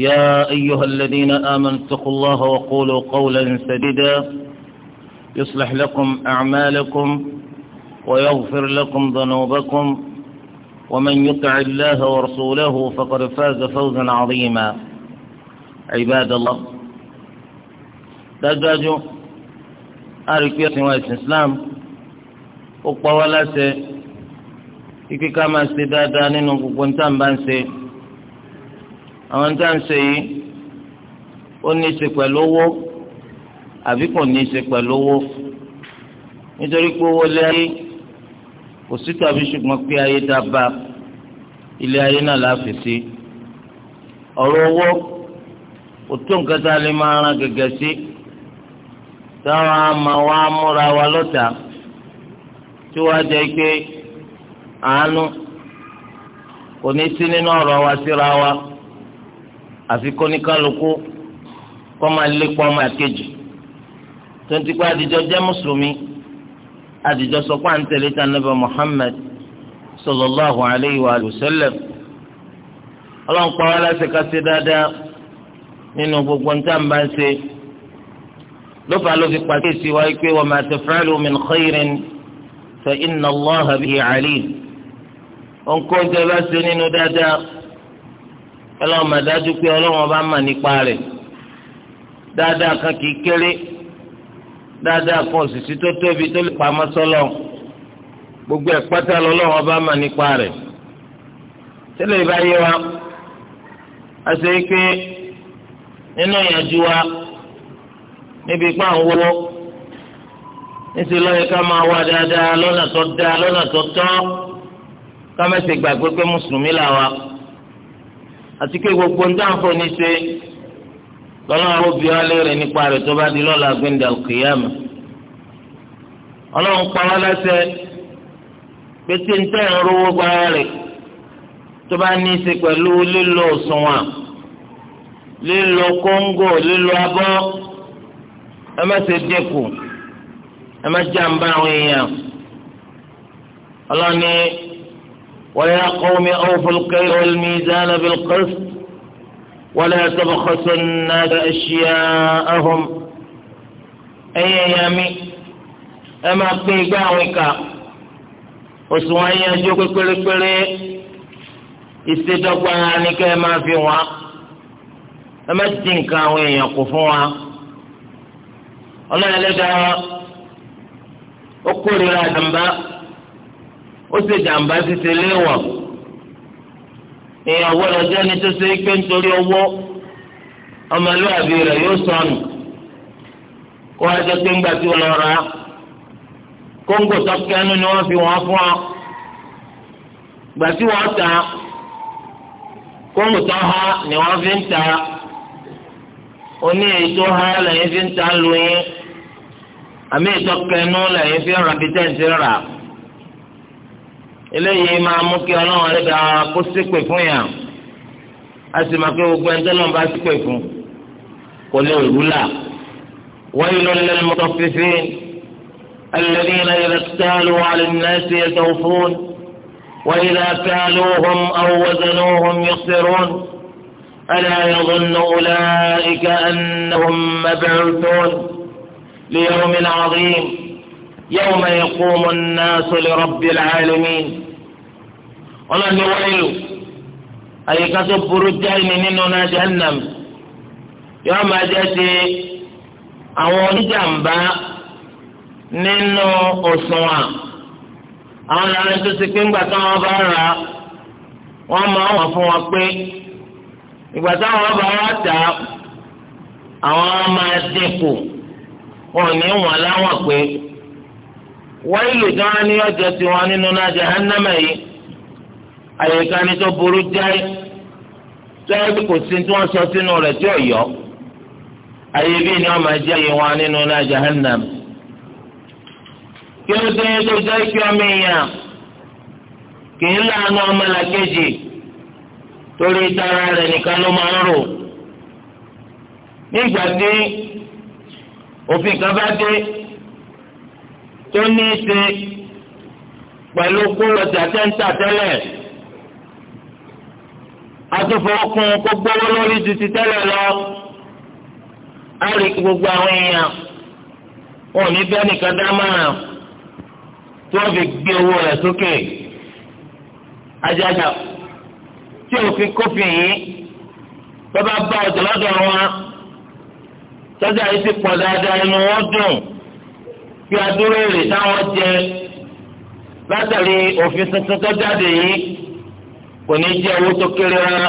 يا أيها الذين آمنوا اتقوا الله وقولوا قولا سديدا يصلح لكم أعمالكم ويغفر لكم ذنوبكم ومن يطع الله ورسوله فقد فاز فوزا عظيما عباد الله دجاج أركية والإسلام أقوى ولا سي إكي كما سيدادا ننقو كنتان بانسي àwọn tá à ń ṣe yìí ó ní í ṣe pẹ̀lú owó àbí kò ní í ṣe pẹ̀lú owó nítorí pé owó lẹ́yìn kò sí tàbí ṣùgbọ́n pé ayé tá a bá ilé ayé náà láàfin sí ọ̀rọ̀ owó kò tó nǹkan tá a lè máa ran gẹ́gẹ́ sí táwọn àmà wa múra wa lọ́tà tí wàá jẹ́ pé àánú kò ní sí nínú ọ̀rọ̀ wa síra wa. Si àfi kó ní kálukú kó máa lépa ọmọ àkejì tó ń tipa àdìjọ jẹ́ mùsùlùmí àdìjọ sọ pé à ń tẹ̀lé ta nàbẹ Muhammad sallallahu alayhi wa sallam ọlọ́run pa wá láṣẹ ká ṣe dáadáa nínú gbogbo nǹkan bá ń ṣe ló ló fi pàkíyèsí wa pé wa ma taf'alu min khairin fa inna Allaha bihi alim. ònkóńtẹ́ bá ṣe nínú dáadáa ọlọ́run máa dájú pé ọlọ́run ọba mà nípa rẹ̀ dáadáa kan kì í kéré dáadáa kan òṣìṣì tó tóbi tó lè pamọ́ sọ́lọ́ gbogbo ẹ̀ pátá lọ́lọ́run ọba mà nípa rẹ̀ tẹ́lẹ̀ ìbáyé wa a ṣe é pé nínú ìyànjú wa níbi ipá ń wọ́ níṣẹ́ lọ́yẹ ká máa wá dáadáa lọ́nà tó dáa lọ́nà tó tọ́ ká má gbàgbé pé mùsùlùmí là àti pé gbogbo ń dáhùn fún ní ṣe lọ́lọ́run ó bi wá léèrè nípa rẹ̀ tó bá di lọ́la gbẹ̀ndà kìyàmù ọlọ́run pa wá láṣẹ pé tí ń tẹ̀ ń rówó gbára rẹ̀ tó bá ní í ṣe pẹ̀lú lílo òṣùwọ̀n lílo kóńgò lílo abọ́ ẹ má ṣe dínkù ẹ má jàǹbá àwọn èèyàn ọlọ́ni. ويا قوم أوفوا الكيل والميزان بالقسط ولا تبخسوا الناس أشياءهم أي أيامي أما في جاوك وسوايا جوك كل كل استدقوا عنك ما في وعا أما الدنكا وين يقفوا الله لدى أقول لا جنبا ó ṣe jàǹbá ṣíṣe léwọ̀ èèyàn gbọ́dọ̀ jẹ́ ni tó ṣe pé nítorí owó ọmọlúwàbí rẹ̀ yóò sọnù kó wá pé ńgbà tí wọ́n lọ ra kóńgò tọ́kẹ́nu ni wọ́n fi wọ́n fún ọ gbà tí wọ́n ta kóńgò tọ́ ni wọ́n fi ń ta oní èyí tó ha lẹ́yìn fi ń ta lu yín àmì ìtọ́kẹ́nu lẹ́yìn fi ń ra bí tẹ́ǹtì rà. eléyìí máa mú kí ọlọ́run rẹ̀ dá kó sípè fún yàn á sì máa pé gbogbo ẹni tẹ́lọ̀ bá sípè fún kò lè rú là wailun lil mutaffifin alladhina idha iktalu ala an-nasi ló wa lẹ́nu fún ló wọ́n idha kaluhum aw wazanuhum yukhsirun ala yadhunnu ulaika annahum mab'uthun li yawmin 'azim. يوم يقوم الناس لرب العالمين ọlọ́ni wáyò àyíká tó burú jáì ní nínú náà jahannam yóò máa jẹ́ ti àwọn oníjàmbá nínú òṣùwọ̀n àwọn ìlànà tó ti pín gbà táwọn bá rà á wọ́n máa fún wọn pé ìgbà táwọn bá wà tà àwọn máa dínkù wọn ò ní wọ̀n láwọn pé wọ́n ìlú gan ni ọjọ́ tiwọn nínú náà jahannama yìí àyíká ni tó burú jáì tó yẹ kó kò sí tí wọ́n sọ sínú rẹ̀ tí ò yọ ayé bí ni wọ́n máa jẹ́ yìí wọn nínú náà jahannama kí ló dé tó jẹ́ kí ọmọ èèyàn kì í láàánú ọmọlàkejì torí tara rẹ̀ nìkan ló máa ń rò nígbà tí òfin kan bá dé tó ní í ṣe pẹ̀lú kólọ́jà tẹ́ńtà tẹ́lẹ̀ atúfọ̀ọ́kùn kó gbówó lórí ju ti tẹ́lẹ̀ lọ á rí gbogbo àwọn èèyàn wọn ò ní bẹ́ẹ̀ nìkan dá márùn tí wọ́n fi gbé owó rẹ̀ sókè ajaja tí òfin kófin yìí bàbá bá ọ̀dọ̀ lọ́dọ̀ wọn sọ́jà yìí ti pọ̀ dáadáa inú wọn dùn kí adúró èrè táwọn jẹ látàrí òfin tuntun tó jáde yìí kò ní jẹ owó tó kéré rárá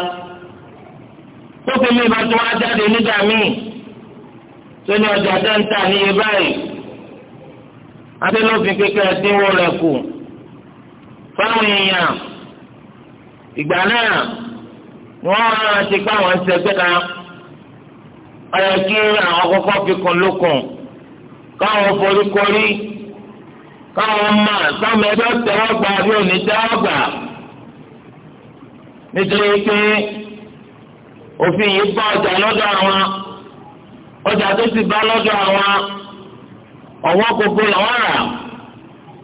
tó fi mí ìbátan wá jáde nígbà míì tó ní ọjà tẹ́ńtà níye báyìí adélófin kékeré dínwó rẹ̀ kù fáwọn èèyàn ìgbà náà wọ́n rántí pé àwọn ń ṣẹgbẹ́ kan kí àwọn kọ́kọ́ fi kún lókun. káwọn forí korí káwọn mọ sáwọn ẹgbẹ́ tẹ́wọ́gbà bí òní tẹ́wọ́gbà nítorí pé òfin yìí bá ọjà lọ́dọ̀ àwọn ọjà tó sì bá lọ́dọ̀ àwọn ọwọ́ gbogbo làwọn rà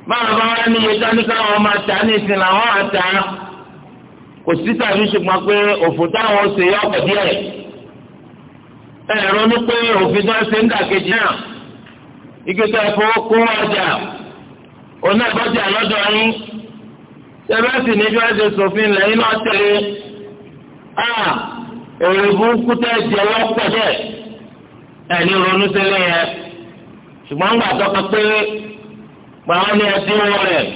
báwọn bá wá níye dání káwọn máa tà ní ìsìn làwọn àtà kò sí tàbí pé táwọn ṣe yọ pé òfin tó ń ṣe ń ìgbésẹ̀ ìfowópamọ́ ọjà onágbọ́jà lọ́dọ̀ yín sẹ́fẹ́sì ní bí wọ́n lẹ́yìn náà tẹ̀lé a èrè burúkú tẹ́ jẹ lọ́pọ̀ dẹ̀ ẹ̀ní ronú sílẹ̀ yẹn ṣùgbọ́n gbà tọ́ka pé gbàwọn rẹ̀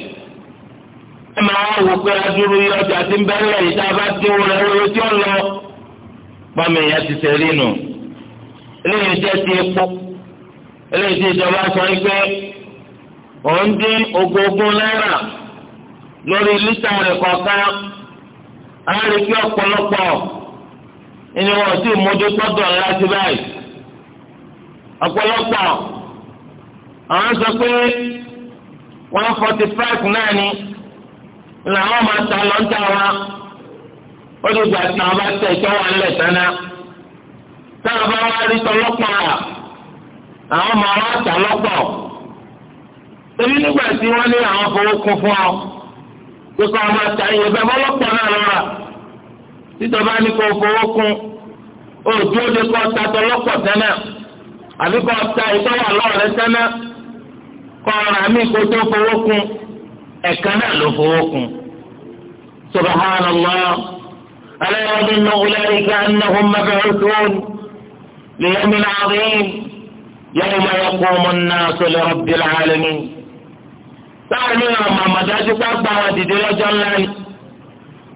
ẹ máa wò pé adúrú yọ ọjà tí ń bẹ́ẹ̀ lẹ́yìn tá a bá tí ó lọ ti tẹ̀lé nù jẹ́ eléyìí tí ìjọba sọ pé òun dín ogógún náírà lórí lítà rẹ̀ kọ̀ọ̀kan á rí i pé ọ̀pọ̀lọpọ̀ ẹni wọn sì mójútó dọ̀la sí báyìí ọ̀pọ̀lọpọ̀ àwọn sọ pé one forty five náà ni làwọn máa ta lọ́ńtà wa ó lè gbà tí àwọn bá tẹ̀ ìṣọ́wọ́ alẹ́ tán náà táwọn bá wá rí tọ́lọ́pàá àwọn ọmọ wa tà lọ́pọ̀ torí nígbà tí wọ́n ní àwọn fowó kún fún ọ pé kọ́ ọmọ ta iye bẹ́ẹ̀ bọ́ lọ́pọ̀ náà lọ́ra títọ́ba ní kò fowó kún òtú ó kọ́ ta tọ́ lọ́pọ̀ tẹ́lẹ̀ àbí kọ́ ta ìtọ́wà lọ́ọ̀rẹ́ tẹ́lẹ̀ kọ́ ọ̀rà mí kó tó fowó kún ẹ̀ka náà ló fowó kún. subhanallah ala yadunnu ulaika annahum mab'uthun li yawmin 'azim. يوم يقوم الناس لرب العالمين láàrin àwọn àmàdájú pápá àwọn dìde lọ́jọ́ ńlá ni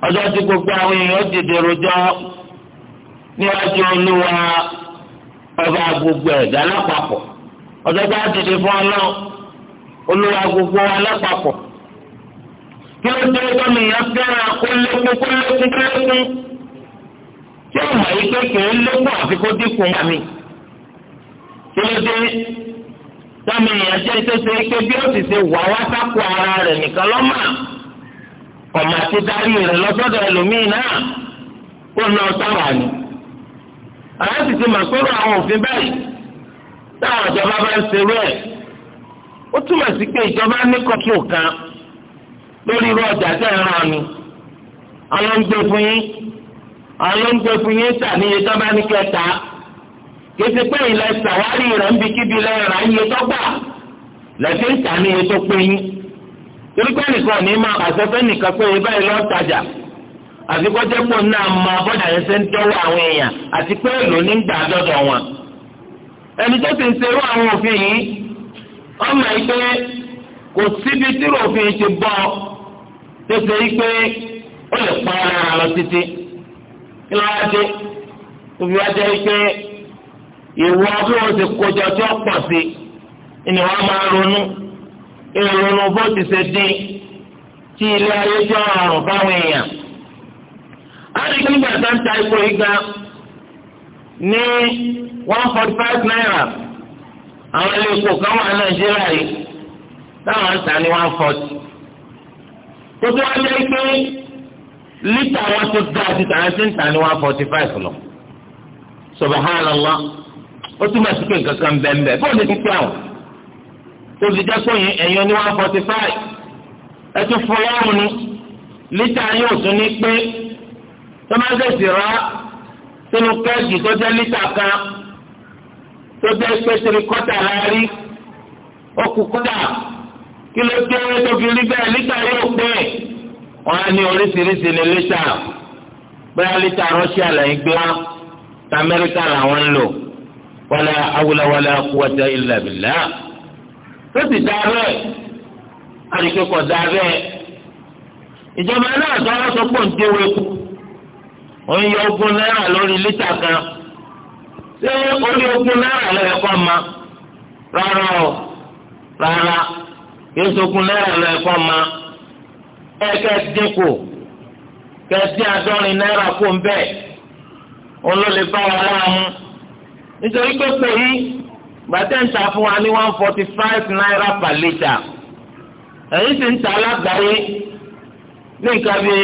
ọjọ́ tí gbogbo àwọn èèyàn dìde rojọ́ níwájú olúwa ọba gbogbo ẹ̀dá lápapọ̀ ọjọ́ a kí ló dé fẹ́ràn tí ó mọ̀ dínkù kí ló dé sọmi èèyàn jẹ́ tó ṣe bí ó sì ṣe wà wá ara rẹ nìkan lọ́mà ọ̀mà ti darí rẹ̀ lọ́sọ́dọ̀ ẹlòmíì náà kó ná ni. àwọn sì ti mà sọ́rọ̀ àwọn òfin báyìí táwọn ìjọba bá ń ṣerú ẹ ó túmọ̀ sí pé ìjọba ní kọ́tù kan lórí irú ọjà ni àwọn ń gbé kéde pé ilẹ̀ sàwárì rẹ̀ ń bi kíbi lẹ́ra iye lẹ́sìn ń ní iye tó pé yín nìkan ní máa àsọfẹ́ nìkan pé ibà yìí lọ́ọ́ tajà pọ̀ náà bọ́dà yẹn ti ń àwọn òfin yìí pé kò síbi tí òfin ti bọ́ tó ṣe pé ó lè pa ara lọ títí kí ìwọ bí wọn ti kójọ tí ó pọ̀ sí ni wọn máa ronú ìrònú bó ti ṣe dín tí ilé ayé tí ó rọrùn fáwọn èèyàn. a lè kí nígbà tá ń ta epo igba ní one forty five naira àwọn ilé epo kan wà nàìjíríà yìí táwọn ń tà ní one forty. tó tó wá lé pé lítà wọn tó dáa ti ń tà ní one forty five lọ. subhanallah ó túmọ̀ sí pé nǹkan kan bẹ́ẹ̀ bẹ́ẹ̀ bóun ti pé àwọn tó fi jẹ́ sóyún ẹ̀yìn oní one forty five ẹ tún fún ọlọ́run ni lítà yóò tún ní pé tó máa ń tẹ̀sí rà sínú kẹ́ẹ̀kì tó jẹ́ lítà kan tó jẹ́ pé tiri kọ́tà láàrí ó kú kọ́tà kí ló dé tó fi rí bẹ́ẹ̀ lítà yóò pé wọn á ní oríṣiríṣi ní lítà bóyá lítà Russia lẹ́yìn gbé wọn tàmẹ́ríkà làwọn ń lò. wala awula wala quwwata illa billah tó ti dá bẹ́ẹ̀ àdìkẹ́kọ̀ọ́ dá ìjọba náà tó sọ pé ń déwé kú òun yọ ogún náírà lórí lítà kan ṣé orí ogún náírà lọ́yẹ̀ kọ́ ma rárá o rárá yóò sọkún náírà lọ́yẹ̀ kọ́ ma ẹ̀kẹ́ dínkù kẹ́sí àádọ́rin náírà kó nítorí pé pé yìí gbàtẹ́ ń ta fún wa ní one forty five naira per litre èyí sì ń ta alágbàáyé ní nǹkan bíi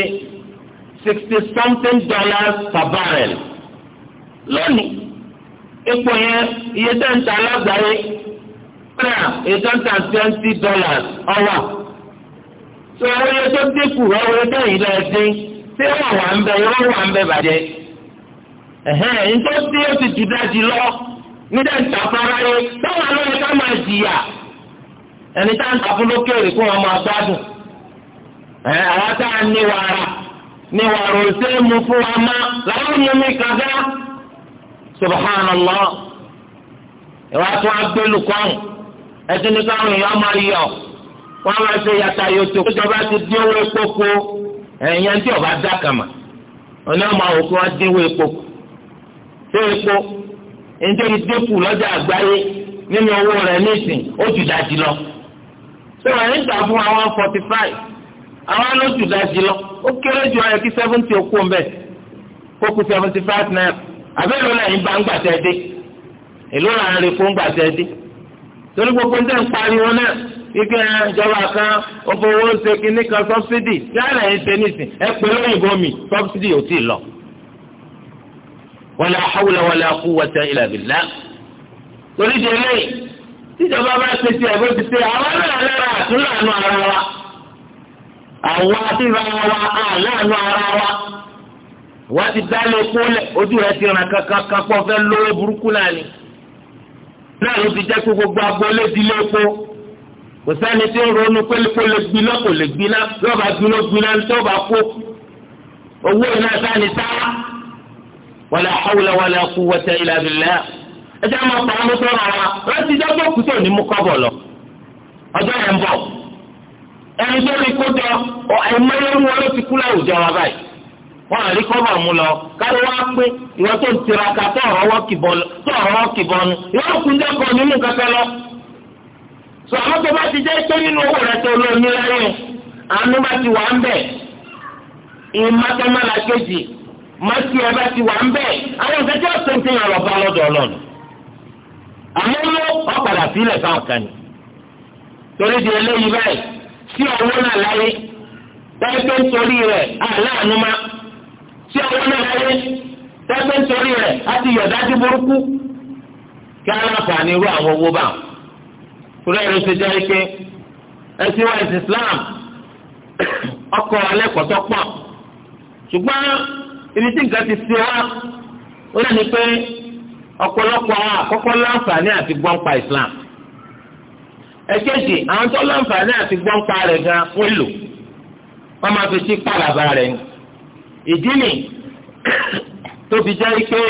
sixty something dollars per barrel lónìí epo yẹn iye tẹ́ ń ta alágbàáyé kúrẹ́ iye tẹ́ ń ta twenty dollars ọwọ́ tó àwọn iye tó dínkù àwọn iye tẹ́yìn lẹ́ẹ̀dín tí wọ́n wà ń bẹ yọ́n wà ń bẹ bàjẹ́. ẹ̀hẹ́n nítorí tí ó ti jù dájú lọ nígbà ń tàfara yẹ táwọn alóyè ká máa jìyà ẹni tá ń ta fún lókèrè kó wọn máa gbádùn ẹ àwọn tá a ní wàrà ní wàrà òsè mu fún wa má làwọn mú mi kàgá subhanallah ìwà tó a gbẹlú kọ́ọ̀n ẹtún ní káwọn èèyàn máa yọ wọn máa ṣe kó jọba ti dín owó epo kó tí ọba dá kàmà ọ̀nà máa dín owó epo nítorí dínkù lọ́jà àgbáyé nínú owó rẹ̀ nísìn ó jù dájì lọ. sọ̀rọ̀ wàá gbà fún àwọn forty five àwọn ló jù dájì lọ ó kéré jù ayọ̀ seventy ó kú kó kú seventy five naira àbẹ́rẹ́ náà bá ń gbà tẹ́ dé èló là ń retí gbà tẹ́ dé torí gbogbo ń tẹ́ ń pariwo náà ah, kan ó fowó kan subsidy wala hawla wala quwwata illa billah torí di eléyìí tíjọba bá ṣe ti ẹgbẹ́ ti ṣe àwọn náà lára àtúnláàánú ara wa àwọn àtúnra wa àláàánú ara wa wọ́n ti dálé kólẹ̀ ojú rẹ̀ ti ràn kankan pọ̀ fẹ́ lówó burúkú náà ni náà ló ti jẹ́ pé gbogbo agboolé di lépo kò sẹ́ni tí ń ronú pé kó lè gbiná kò lè gbiná lọ́ba gbiná gbiná tó bá kó owó iná sáni sáá wala hawla wala quwwata illa billah ẹ jẹ́ àwọn ọ̀pọ̀ ọmọ sọ̀rọ̀ wa láti dábò kùtò ní mú kọ́bọ̀ lọ ọjọ́ yẹn ń bọ̀ ẹni tó ní kójọ ẹ̀mọ́lẹ́rú wọn ló ti kú láwùjọ wa báyìí wọn àrí kọ́bọ̀ mú lọ kárí wá pé ìwọ́n tó ń tiraka tó ọ̀rọ̀ kìbọnu ìwọ́n kún dẹ́kọ̀ nínú kankan lọ. sọ tó bá ti jẹ́ màtí ẹ bá ti wà ń bẹ́ẹ̀ àwọn nǹkan tí wọ́n ṣe ń fi hàn lọ́ba lọ́dọ̀ ọlọ́run àmọ́ ló ọ̀padà sílẹ̀ fáwọn kan ni torí di eléyìí báyìí sí ọwọ́ náà láyé tẹ́gbẹ́ nítorí rẹ̀ aláàánú má sí ọwọ́ náà láyé tẹ́gbẹ́ nítorí rẹ̀ á ti yọ̀ dájú burúkú kí aláǹfààní irú àwọn owó bá kúrò ẹ̀rọ ṣe jẹ́ ike ẹ̀sìn wa ẹ̀sìn Islam ọkọ̀ alẹ́kọ̀ọ́ tó pọ̀ ṣùgbọ́n ibi tí nǹkan ti ṣe wá ó náà ní pé ọ̀pọ̀lọpọ̀ àwọn Islam ẹ̀kejì àwọn tó láǹfààní àti gbọ́npa rẹ̀ gan wọ́n lò wọ́n máa fi sí pàlàbà rẹ̀ ni ìdí nì tó fi jẹ́ pé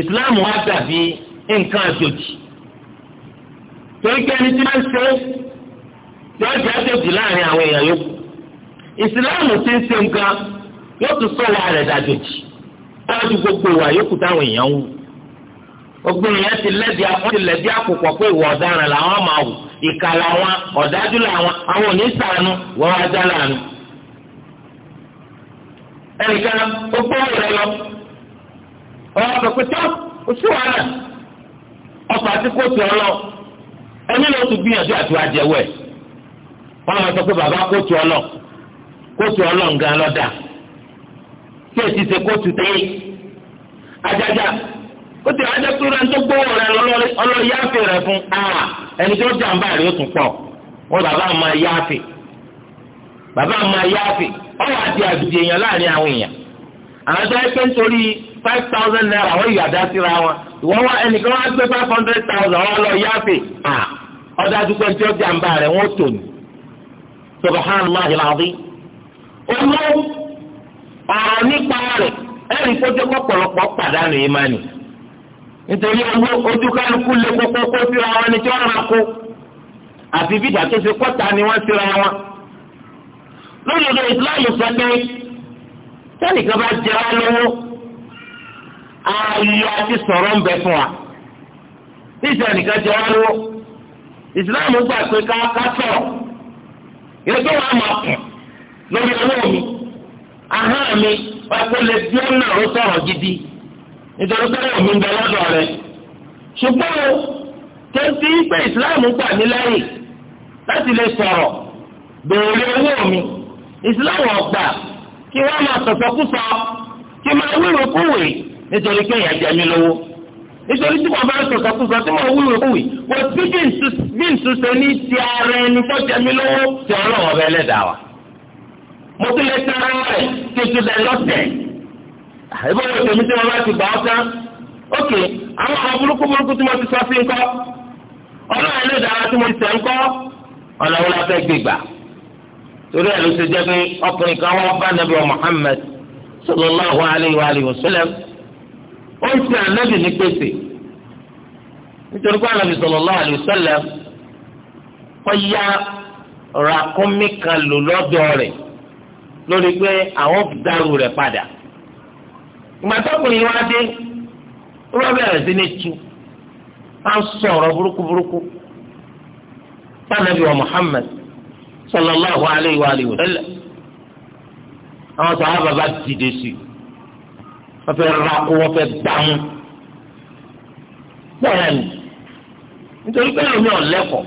Islam wá dàbí nǹkan àjòjì torí pé ẹni tí wọ́n ń ṣe tí wọ́n jẹ́ àjòjì láàrin àwọn èèyàn yòókù Islam ti ń ṣe nǹkan. yóò tún sọ̀rọ̀ àrẹ̀ dàjòjì wọ́n gbogbo wa yòókù táwọn èèyàn wù gbogbo èèyàn ti lẹ́bi wọ́n ti lẹ́bi àkùkọ̀ pé ìwà ọ̀daràn làwọn máa wù ìkà làwọn ọ̀dájú làwọn àwọn òní sànù wọ́n wá já lànà. ẹnìkan rẹ lọ ọlọ ẹni ló tún gbìyànjú àti sọ pé bàbá ọlọ kóòtù ọlọ nǹkan tí èsì ṣe kóòtù tẹ́lẹ̀ ajaja ó ti rájọ pé rẹ tó gbówó rẹ ọlọ́yàáfẹ́ rẹ fún ẹni tó jàǹbá rẹ ó tún pọ̀ wọn bàbá máa yááfẹ́ bàbá máa yááfẹ́ ọwọ́ àti àdùjẹ èèyàn láàrin àwọn èèyàn àwọn tó yẹ pé nítorí five thousand naira wọ́n yọ àdá síra wọn ìwọ́n wá ẹnìkan wá gbé five hundred thousand wọn lọ yááfẹ́ ọ̀dà àdúgbò tí ó jàǹbá rẹ wọ́n tò ní subhanallah alazim olówó. ọ̀rọ̀ nípa rẹ̀ kójú pọ̀pọ̀lọpọ̀ pàdánù Imani. nítorí owó ojú kálukú lé kókó kó síra wọn ni tí wọ́n máa kó àfi bí ìdàtó ṣe kọ́ta ni wọ́n síra wọn. lódodo ìsìláàmù sọ pé bá jẹ lọ́wọ́ ààyè àti sọ̀rọ̀ ń bẹ fún wa jẹ lọ́wọ́ ìsìláàmù gbà pé ká mi pàtó lè bí ó nà ó sọ̀rọ̀ gidi nítorí pé èmi ń bẹ lọ́dọ̀ rẹ. ṣùgbọ́n o tó Islam ń pè ìsìláàmù gbà mí lẹ́yìn láti lè sọ̀rọ̀ béèrè owó mi ìsìláàmù ọ̀gbà kí wọ́n máa sọ̀sọ̀kúsọ kí máa wíwò kúwè nítorí pé ìyá jẹ mí lówó nítorí tí wọn bá ń sọ̀sọ̀kúsọ tí wọn wúlò kúwì wọ́n ti bí nsúnṣe ní ti ara ẹni fọ́jẹ́mi lówó ti ọlọ́wọ́ bẹ́ẹ̀ lẹ́dàá wa mo tún lè tara rẹ̀ kí n tún lẹ lọ́tẹ̀. ìbọn ìwé mi tí wọn bá ti gbà ọ́ tán ókè àwọn ọmọ burúkú burúkú tí mo ti sọ sí ńkọ́ ọlọ́run ilé ìdára tí mo ti tẹ̀ ńkọ́ ọ̀nà wọn la fẹ́ gbé gbà. torí ẹ̀ ló ṣe jẹ́ pé ọkùnrin kan wọ́n bá nàbí wa Muhammad sallallahu alayhi wa alihi wa sallam ó ń sin ànábì ní pèsè nítorí pé ànábì sallallahu alayhi wa sallam kọ́ ya ràkúnmí kan lò lọ́dọ̀ rẹ̀ lórí pé àwọn dàrú rẹ̀ padà ìgbàdọ́kùnrin wa dé ó bá bẹ̀rẹ̀ sí ní tu á ń sọ ọ̀rọ̀ burúkú burúkú sanabi wa Muhammad sallallahu alayhi wa alayhi wa sallam àwọn sàhábà bá dìde sí wọ́n fẹ́ rakú wọ́n fẹ́ dáhùn bẹ́ẹ̀ ni nítorí pé ẹlòmíràn lẹ́kọ̀ọ́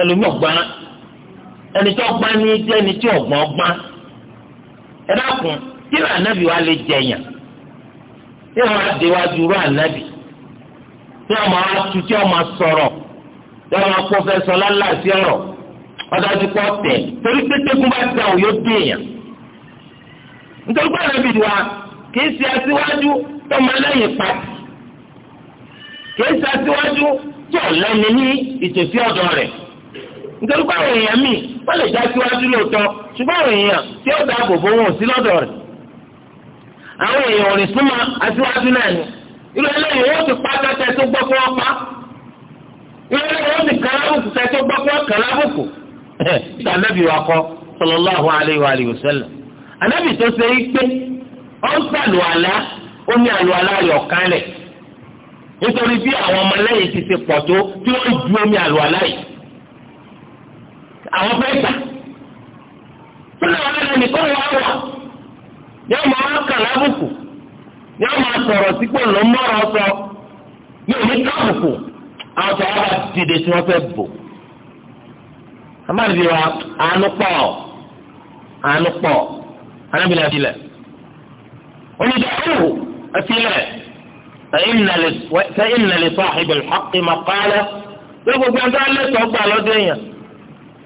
ẹlòmíràn gbọ́n. ẹni tí ọgbọ́n ní jẹ́ ẹni tí ọgbọ́n gbọ́n ẹ dákun kí ló ànábì wa lè jẹyàn tí wọn á déwájú rú ànábì tí wọn máa tu tí wọn máa sọ̀rọ̀ tí wọn máa kó fẹ́ sọ lálàsí ọ̀rọ̀ ọ̀dájú kọ́ tẹ̀ torí pétékun bá gbà òyò déyàn nítorí pé ànábì wa kì ṣe aṣíwájú tó máa pàtì ṣe aṣíwájú tí ní ìtòsí rẹ̀. nítorí pé àwọn èèyàn míì wọ́n lè já síwájú lóòótọ́ ṣùgbọ́n àwọn èèyàn tí ó dáàbò bò wọn ò sí lọ́dọ̀ rẹ̀ àwọn èèyàn ò lè súnmọ́ aṣíwájú náà ni irú eléyìí wọ́n ti pa tẹ́tẹ́ tó gbọ́ fún ọpá irú eléyìí wọ́n ti kàlábùkù tẹ́tẹ́ tó gbọ́ fún kàlábùkù ìdánẹ́bí wa kọ́ sallallahu alayhi wa alihi wa sallam ànábì tó ṣe é pé ó ń sàlù àlá ó ní àlù àlá rẹ̀ ọ̀kánlẹ̀ nítorí bí àwọn ọmọlẹ́yìn ti ṣe pọ̀ tó tí wọ́n ju omi àlù àlá àwọn fẹ́ gbà wọn lẹ́nu nìkan wà yóò máa kà lábùkù yóò máa sọ̀rọ̀ ló ń sọ yóò ní kábùkù àwọn tó wà dìde tí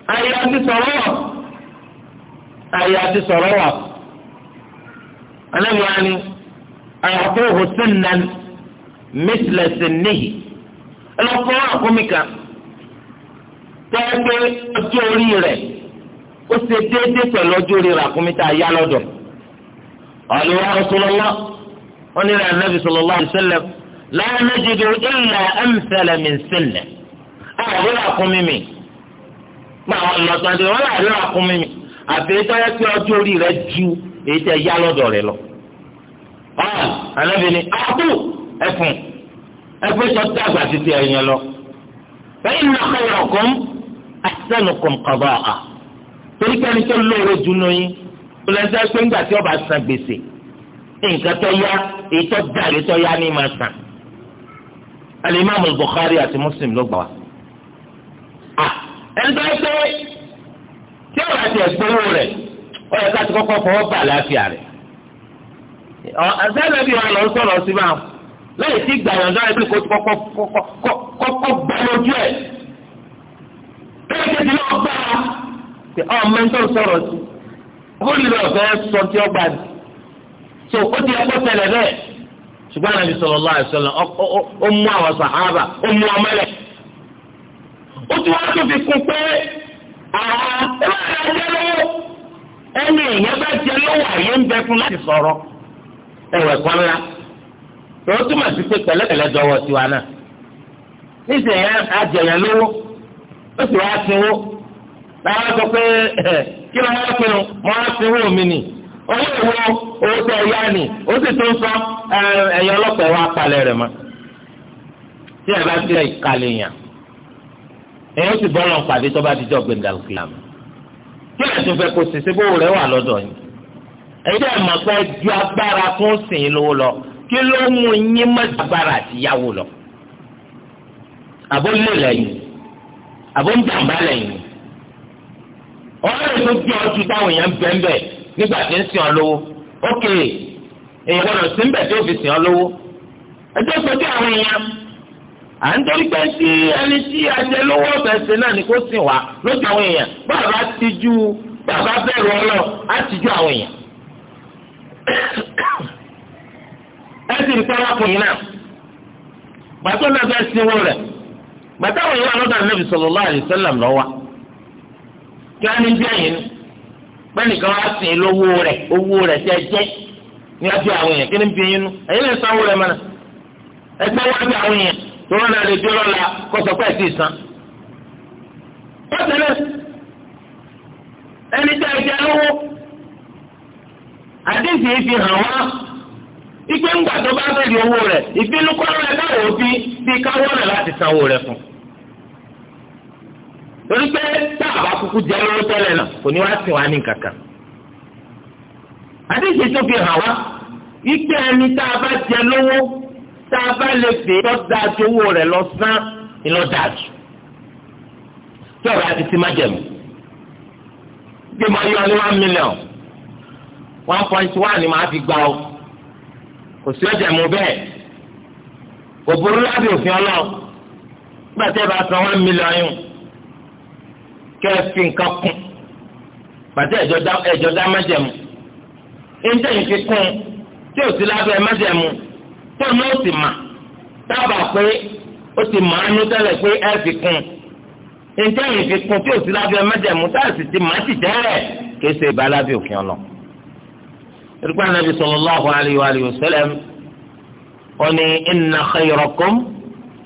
ayé àti sọ̀rọ̀ wà ayé àti sọ̀rọ̀ wà anáwó ani àyàfó hosùnàn mísìlẹ̀sìnìhì ẹlọ́kọ́ àkómìkà tẹ́gbẹ́ ọjọ́ orí rẹ̀ ó ṣe déédéé pẹ̀lú ọjọ́ orí rẹ̀ àkómìkà yá lọ́dọ̀ ọ̀lùwà rọ̀sọ̀lọ́lá wọn ní rẹ̀ nàbì sọ̀lọ́lá àdìsẹ́lẹ̀ láàánú jìdó ìlà ẹ̀mfẹ̀lẹ̀ mìsìlẹ̀ àwọn àkómìmì gba àwọn ọlọ́sọ̀dé wọn láàrin ọkùnrin mi àti ètò ẹ pé ọjọ́ orí rẹ ju ètò ẹ yá lọ́dọ̀ rẹ lọ. ọ̀hún ànábì ni àbú ẹ̀fún ẹgbẹ́ sọ dàgbà títí ẹ̀yìn lọ. bẹ́ẹ̀ ni ọkọ̀ ọ̀kùn àtẹnu kùn kọ̀bọ̀ ọ̀hà torí pé ẹni tó lóore jù nù yín kò lẹ́sẹ̀ pé ńgbà tí ọba san gbèsè nǹkan tó yá ètò dàrí tó yá ní ma san. al bukhari àti Muslim ló gbà wá ẹni tó ń pé tí ọ̀rọ̀ àti ẹ̀sìnwó rẹ̀ ó yẹ káti kọ́kọ́ fọwọ́ bà láàfíà rẹ̀ ọ̀sẹ̀ bí wọn lọ sọ̀rọ̀ sí máa lẹ́yìn tí gbà yọ̀ǹda rẹ̀ bí kò kọ́kọ́ gbà lójú ẹ̀ lẹ́yìn tí lọ́ọ́ gbà á ọ̀ mẹ́ńtọ́ sọ̀rọ̀ sí ó lè ọ̀fẹ́ sọ tí ó gbà ní so ó ti ẹ̀kọ́ tẹ́lẹ̀ bẹ́ẹ̀ ṣùgbọ́n àná ó tún wá tó fi kún pé àwọn ẹlẹ́yà jẹ́ lọ́wọ́ ẹni èèyàn bá jẹ lọ́wọ́ àyè ń bẹ fún láti sọ̀rọ̀ ẹ̀wẹ̀ kan ńlá ó túmọ̀ sí pé pẹ̀lẹ́pẹ̀lẹ́ dọwọ́ tiwa náà nísìnyí àjẹyàn lówó ó sì wá sinwó láwọn sọ pé kí ló wá pinnu mo wá sinwó mi nì owó ìwọ owó tó ẹ̀yá nì ó sì tún sọ ẹ̀yìn ọlọ́pàá wa palẹ̀ rẹ̀ mọ́ tí ẹ bá tilẹ̀ ìkàlẹ̀ yàn èyàn sì bọ́ lọ́n pàdé tó bá dijọ́ gbẹ̀ngàlùkì àmì kí ẹ̀ tún fẹ́ kó sì ṣe bówó rẹ̀ wà lọ́dọ̀ yìí èyí tẹ̀ mọ̀ pé ju agbára fún sìn lówó lọ kí ló mú yín mọ́ agbára àti yáwó lọ. àbó lè lẹ́yìn àbó ń jàǹbá lẹ́yìn ọ̀rẹ́ tó gbé ọtún táwọn èèyàn bẹ́ẹ̀ nígbà tí ń sìn ọ lówó ókè èèyàn gbọ́dọ̀ sí ń bẹ̀ tó fi sìn lówó ẹjọ́ a ń torí pé tí ẹni tí ajẹ lówó náà ni kò sìn wá lójú àwọn èèyàn bàbá ti ju bàbá bẹ̀rù ọlọ́ á ti ju àwọn èèyàn. ẹ sì rí pẹ́ẹ́rọ́ fún yín náà gbàtọ́ náà fẹ́ sinwó rẹ̀ gbàtọ́ àwọn èèyàn lọ́dọ̀ ànábì sallallahu lọ́wọ́ kí ní bí ẹ̀yìn pẹ́ẹ́nìkan wá sìn lówó rẹ̀ owó rẹ̀ tẹ́ jẹ́ ní àwọn ni bí nú tọ́lá náà lè dé lọ́la kó sọ pé ẹ̀sìn ìsàn. bọ́sẹ̀lẹ̀ ẹni tẹ́ ẹ̀jẹ̀ lówó àdéhùn yìí fi hàn wá ipe ńgbà tó bá bẹ̀rẹ̀ owó rẹ̀ ìbínú kọ́ rẹ̀ káwọ́ bí bí káwọ́ rẹ̀ láti sanwó rẹ̀ fún. torí pé tá a bá kúkú jẹ́ lówó tẹ́lẹ̀ náà kò ní wá sìn wá ní kankan. àdéhùn yìí tó fi hàn wá ipe ẹni tá a bá jẹ lówó tá a bá lè fè é lọ́dà ju owó rẹ̀ lọ sán ìlọ́dà jù tí ọ̀rọ̀ àti ti má jẹ̀mú bí mo yọ ní one million one point one ni màá fi gbà ó kò sí ọ̀jẹ̀mú bẹ́ẹ̀ òbúrú lábẹ́ òfin ọlọ́ọ̀ gbàtẹ́ bá san one million yìí kẹ́ ẹ fi nǹkan kún pàtẹ́ ẹ̀jọ̀ dá májẹ̀mú ẹ̀ńtẹ̀yìn fi kún tí ò sí lábẹ́ májẹ̀mú tóun náà sì mà dábàá pé ó ti mà á nú tẹ́lẹ̀ pé ẹ fi kún njẹ́ yìí fi kún tí ò sí lábẹ́ mẹ́jẹ̀mú tá a sì ti mà á ti tẹ́lẹ̀ kì í ṣe ìbálábẹ́ òfin ọ̀nà. irúgbà nàbì sallallahu alayhi wa sallam ó ní inna khayrakum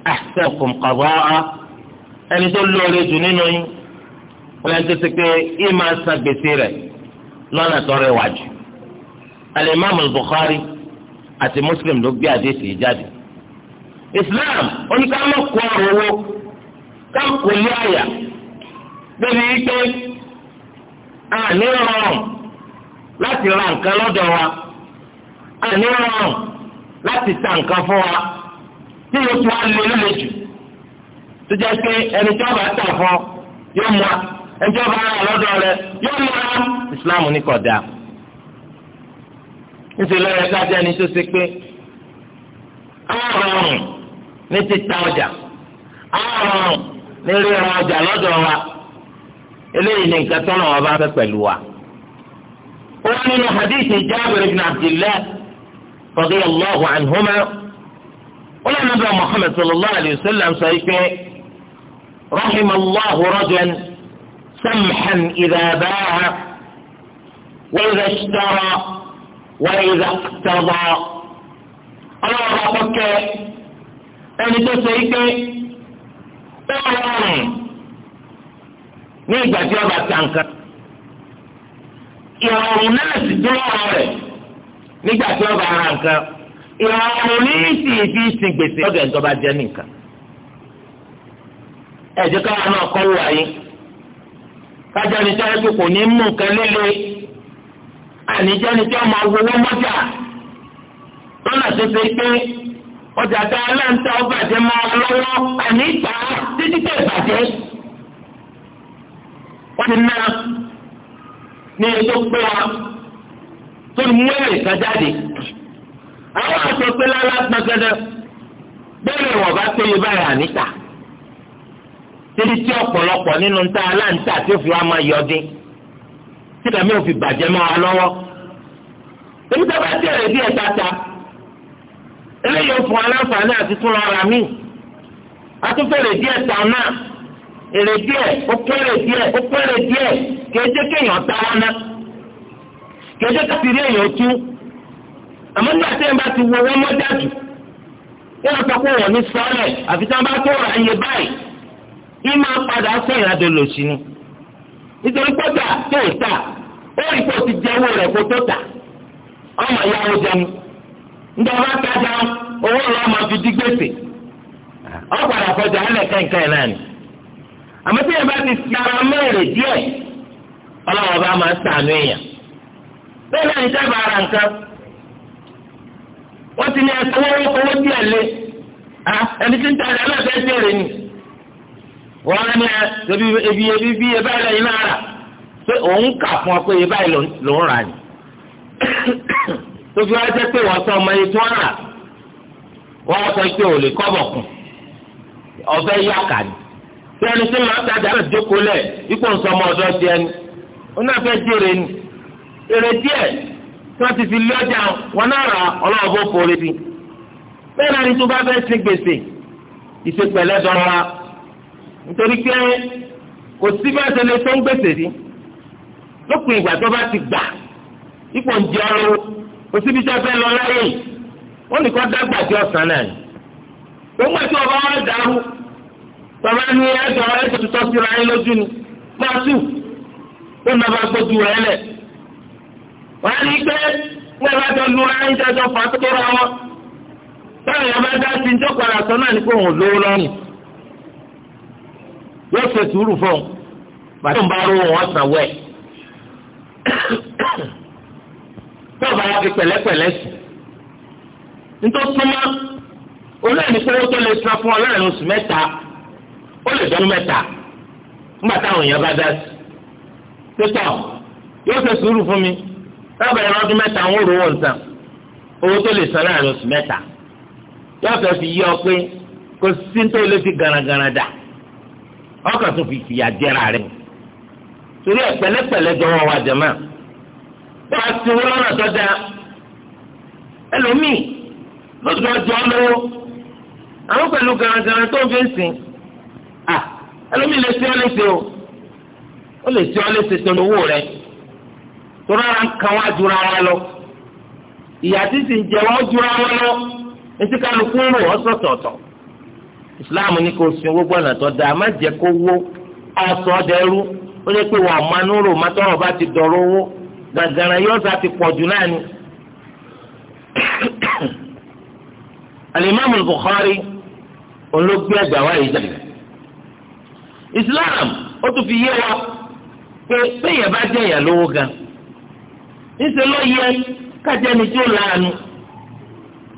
ahsanukum qadaa ẹni tó lóore jù nínú yín wọ́n lè tètè pé ìmọ̀ àṣà gbèsè rẹ̀ lọ́nà tó rẹwà jù. al bukhari àti muslim ló gbé àdéhìí jáde islam oníkàmọ́ kó ọ̀rọ̀ owó káàkó lé àyà bẹ́ẹ̀ ni pé àní rọrùn láti ra nǹkan lọ́dọ̀ wa àní rọrùn láti ta nǹkan fún wa tí yóò tún wá lé lóye jù tó jẹ́ pé ẹni tí wọ́n bá tà fún yóò mú wa ẹni tí wọ́n bá rà lọ́dọ̀ rẹ̀ yóò mú wa islam ní nítorí lọ́yọ̀ lọ́yẹ kájá ni tó ṣe pé àrùn ní títa ọjà àrùn ní ríra ọjà lọ́dọ̀ wa eléyìí ni nǹkan tọ́nà wọn bá fẹ́ pẹ̀lú wa. ó wá nínú hadithi Jabir ibn Abdillah radiyallahu anhuma ó lọ́nà bá muhammed sallallahu alayhi wa sallam sọ pé rahim allahu rajan samhan idha wa idha ishtara. وإذا اقتضى ọlọ́run bá kọ́kẹ́ ẹni tó ṣe ike ó rọrùn ní ìgbà tí ọba ta nǹkan ìrọ̀rùn náà sì dúró rẹ̀ nígbà tí ọba ra nǹkan ìrọ̀rùn ní sì fi sin gbèsè lọ́dọ̀ ẹ̀ tó jẹ́ nìkan ẹ̀jẹ̀ káwọn náà kọ́ wù wáyé kájọ́ ni sọ́yẹ́ kò àníjẹ́ ni tí wọ́n máa wọ owó mọ́jà lọ́nà tó ṣe pé ọjà tá a náà ń ta ọbàjẹ́ máa lọ́wọ́ àní ìta títí tẹ̀ bàjẹ́. wọ́n ti ná ní ètò pé wa tó ní mú èrè kan àwọn àṣọ pé lálá gbọ̀ngàdà bẹ́ẹ̀ wọ́n bá péye báyìí àníta títí tí ọ̀pọ̀lọpọ̀ nínú ta aláǹta tí fi wá máa yọ dín tí lẹ́mí ò fi bàjẹ́ mọ́ wa lọ́wọ́ ebi tó bá tẹ̀lé bí ẹ̀ tata eléyìí ó fún aláǹfààní àti tún lọ́ra mí atúfẹ̀lẹ̀ díẹ̀ tà náà èrè díẹ̀ ó péré díẹ̀ ó péré díẹ̀ kéde kéèyàn táwọn náà kéde kásìrí èèyàn tú àmọ́ nígbà tí wọ́n bá ti wo wọ́n mọ́jà jù wọ́n sọ pé wọ́n ní sọ́ọ̀rẹ̀ àfi tí wọ́n bá tó ra iye báyìí ìmọ̀ padà sọ ìrìnàjò lòsì ni. nítorí pọ́jà tó tà ó rí kó ti jẹ́wọ́ rẹ̀ kó tó tà ọmọ ìyá ó jẹun nítorí wọn tajà owó rẹ̀ ọmọ fi di gbèsè ọ̀padà fọjà ẹ̀ náà ni àmọ́ tí yẹn ti ara mẹ́rẹ̀ díẹ̀ ọlọ́wọ́ bá máa ń sànú èèyàn bẹ́ẹ̀ náà ní sábà ara nǹkan wọ́n ti ní ẹ̀kọ́ owó díẹ̀ lé ah, ẹni tí ń ta wọ́n á ní ẹbí ebi ebi bí ebá ilẹ̀ yìí náà rà pé òun kà fún ọ pé ebá ilẹ̀ ló ń rà ni tó fi wá jẹ́ pé wọ́n sọ ọmọ yìí tó ń rà wọ́n sọ pé ò lè kọ́ bọ̀ kù ọ̀fẹ́ yá kà ní tí ẹni tí màá tajà náà jókòó lẹ̀ ipò ń sọ ọmọ ọ̀dọ́ ti ẹni ó náà fẹ́ jèrè ni èrè díẹ̀ tí wọ́n ti fi lé ọjà wọn náà rà ọlọ́wọ́ bó forí bi bẹ́ẹ̀ náà ni tó bá fẹ́ sin gbèsè ìsepẹ̀lẹ́ dọ́ra nítorí pé kò sí bá ṣe lè tó ń gbèsè sí lópin ìgbà tó bá ti gbà ipò ń jẹ ọrùn kò síbi tí a fẹ́ lọ láyé yìí nìkan dágbà tí ọ̀sán náà ni ọba wa dàrú bàbá ní ẹjọ́ ẹjọ́ tuntun síra ẹ lójú ni máa tù ó nà bá gbójú rẹ lẹ á ní pé bá jọ lu ara ìjọba fàtó ra wọn báyìí ọba dá sí náà lówó yóò ṣe sùúrù fún bàtà ń bá rú wọn sàn wẹ̀ tó bá yà fi pẹ̀lẹ́pẹ̀lẹ́ sùn nítorí súnmọ́ olóòní pé owó tó lè san fún ọlọ́run oṣù mẹ́ta ó lè dọ́nu mẹ́ta nígbà táwọn èèyàn bá dá sí títọ́ yóò ṣe sùúrù fún mi lábẹ́ ẹ̀rọ ọdún mẹ́ta ń rò wọ́n sàn owó tó lè san láàrin oṣù mẹ́ta yóò fẹ́ fi yí ọ pé kò sí tó lè fi garagara dà ọkàn tó fi fìyà jẹra rẹ torí ẹ pẹ̀lẹ́pẹ̀lẹ́ dọ́wọ́ wa jẹmọ bá a ti wọn lọ́nà tó dáa ẹlòmíì lójú ọjọ́ lówó àwọn pẹ̀lú garagara tó ń fi ń sìn à ẹlòmíì lè ṣe ọ léṣe o ó lè ṣe ọ léṣe tó lówó rẹ tó rárá ń kan wá jura wa lọ ìyá títí ń jẹ wọn jura wa lọ etí kálukú ń rò ọ sọtọọtọ islam ní kò sin owó gbọ́nà tó dáa má jẹ́ kó wó ọ̀sọ̀ ọ̀dẹ́rú ó lé pé wọn àmọ́ nírò mọ́tọ́rọ̀ bá ti dọ̀rọ̀ owó gàgàrà yóò sá ti pọ̀jù náà ni. alimami bukhari olóògbé ẹgbàá wa yìí jáde islam ó tún fi yé wa pé péyẹ bá jẹ ìyà lówó gan níṣẹ́ ló yẹ kájẹ́ni tí ó láàánú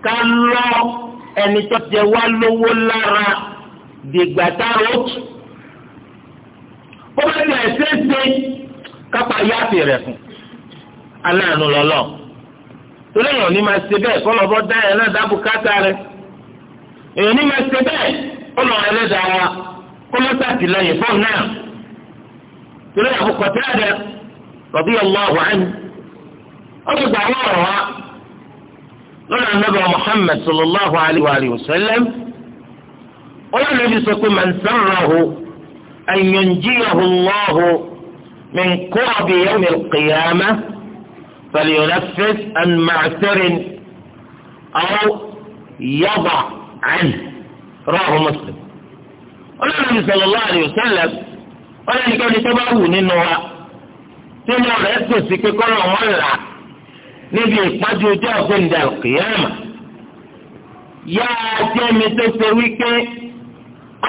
ká lọ́ọ́. ẹni tó jẹ wá lówó lára dìgbà tára ó tù ó bá ti ẹsẹ̀ ṣe kápá yáàfin rẹ fún aláàánú lọ́lọ́ torí èèyàn ní máa ṣe bẹ́ẹ̀ kọ́ lọ́bọ́ dá ẹ̀ náà dábò káta rẹ èèyàn ní máa ṣe bẹ́ẹ̀ kọ́ lọ́ ẹlẹ́dàá kọ́ lọ́ لولا النبي محمد صلى الله عليه وآله وسلم ولا النبي صلى من سره أن ينجيه الله من قرب يوم القيامة فلينفذ أن معتر أو يضع عنه راه مسلم ولا النبي صلى الله عليه وسلم ولا نكون تبعون إنه تنور يفسك كل مرة níbi ìpájú ọjọ́ ọ̀gbìndà kìyàmà yáa jẹ́ mi tó ṣe wípé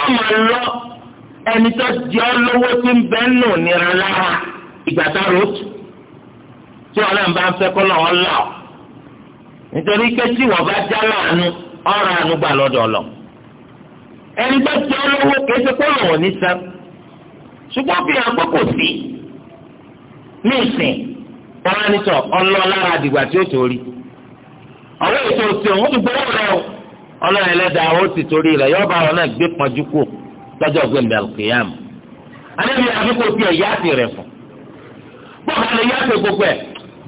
ọmọ lọ ẹni tó jẹ́ ọ lówó tí ń bẹ́ẹ̀ nù nira lára ìgbà tá a rò tù tí ọlọ́run bá ń fẹ́ kọ́ lọ́wọ́ lọ nítorí pé tí wọ́n bá já láàánú ọ̀rọ̀ àánú gbà lọ́dọ̀ lọ. ẹni tó jẹ́ ọ lówó kìí ṣe kọ́ lọ́wọ́ ní sẹ́m ṣùgbọ́n fi hàn pé kò sí ní ìsìn. wọn ní sọ ọlọ lára àdìgbà tí ó torí ọwọ́ ètò òsè òun ti gbọ́dọ̀ rẹ o ọlọ́run ó torí rẹ yọọba àwọn náà gbé pọ́njú kù lọ́jọ́ gbẹ̀ndẹ̀ kìyàmù alẹ́bí àfikún òsì ẹ̀ yáàtì rẹ̀ fún bọ́ọ̀lù ẹ̀ yáàtì gbogbo ẹ̀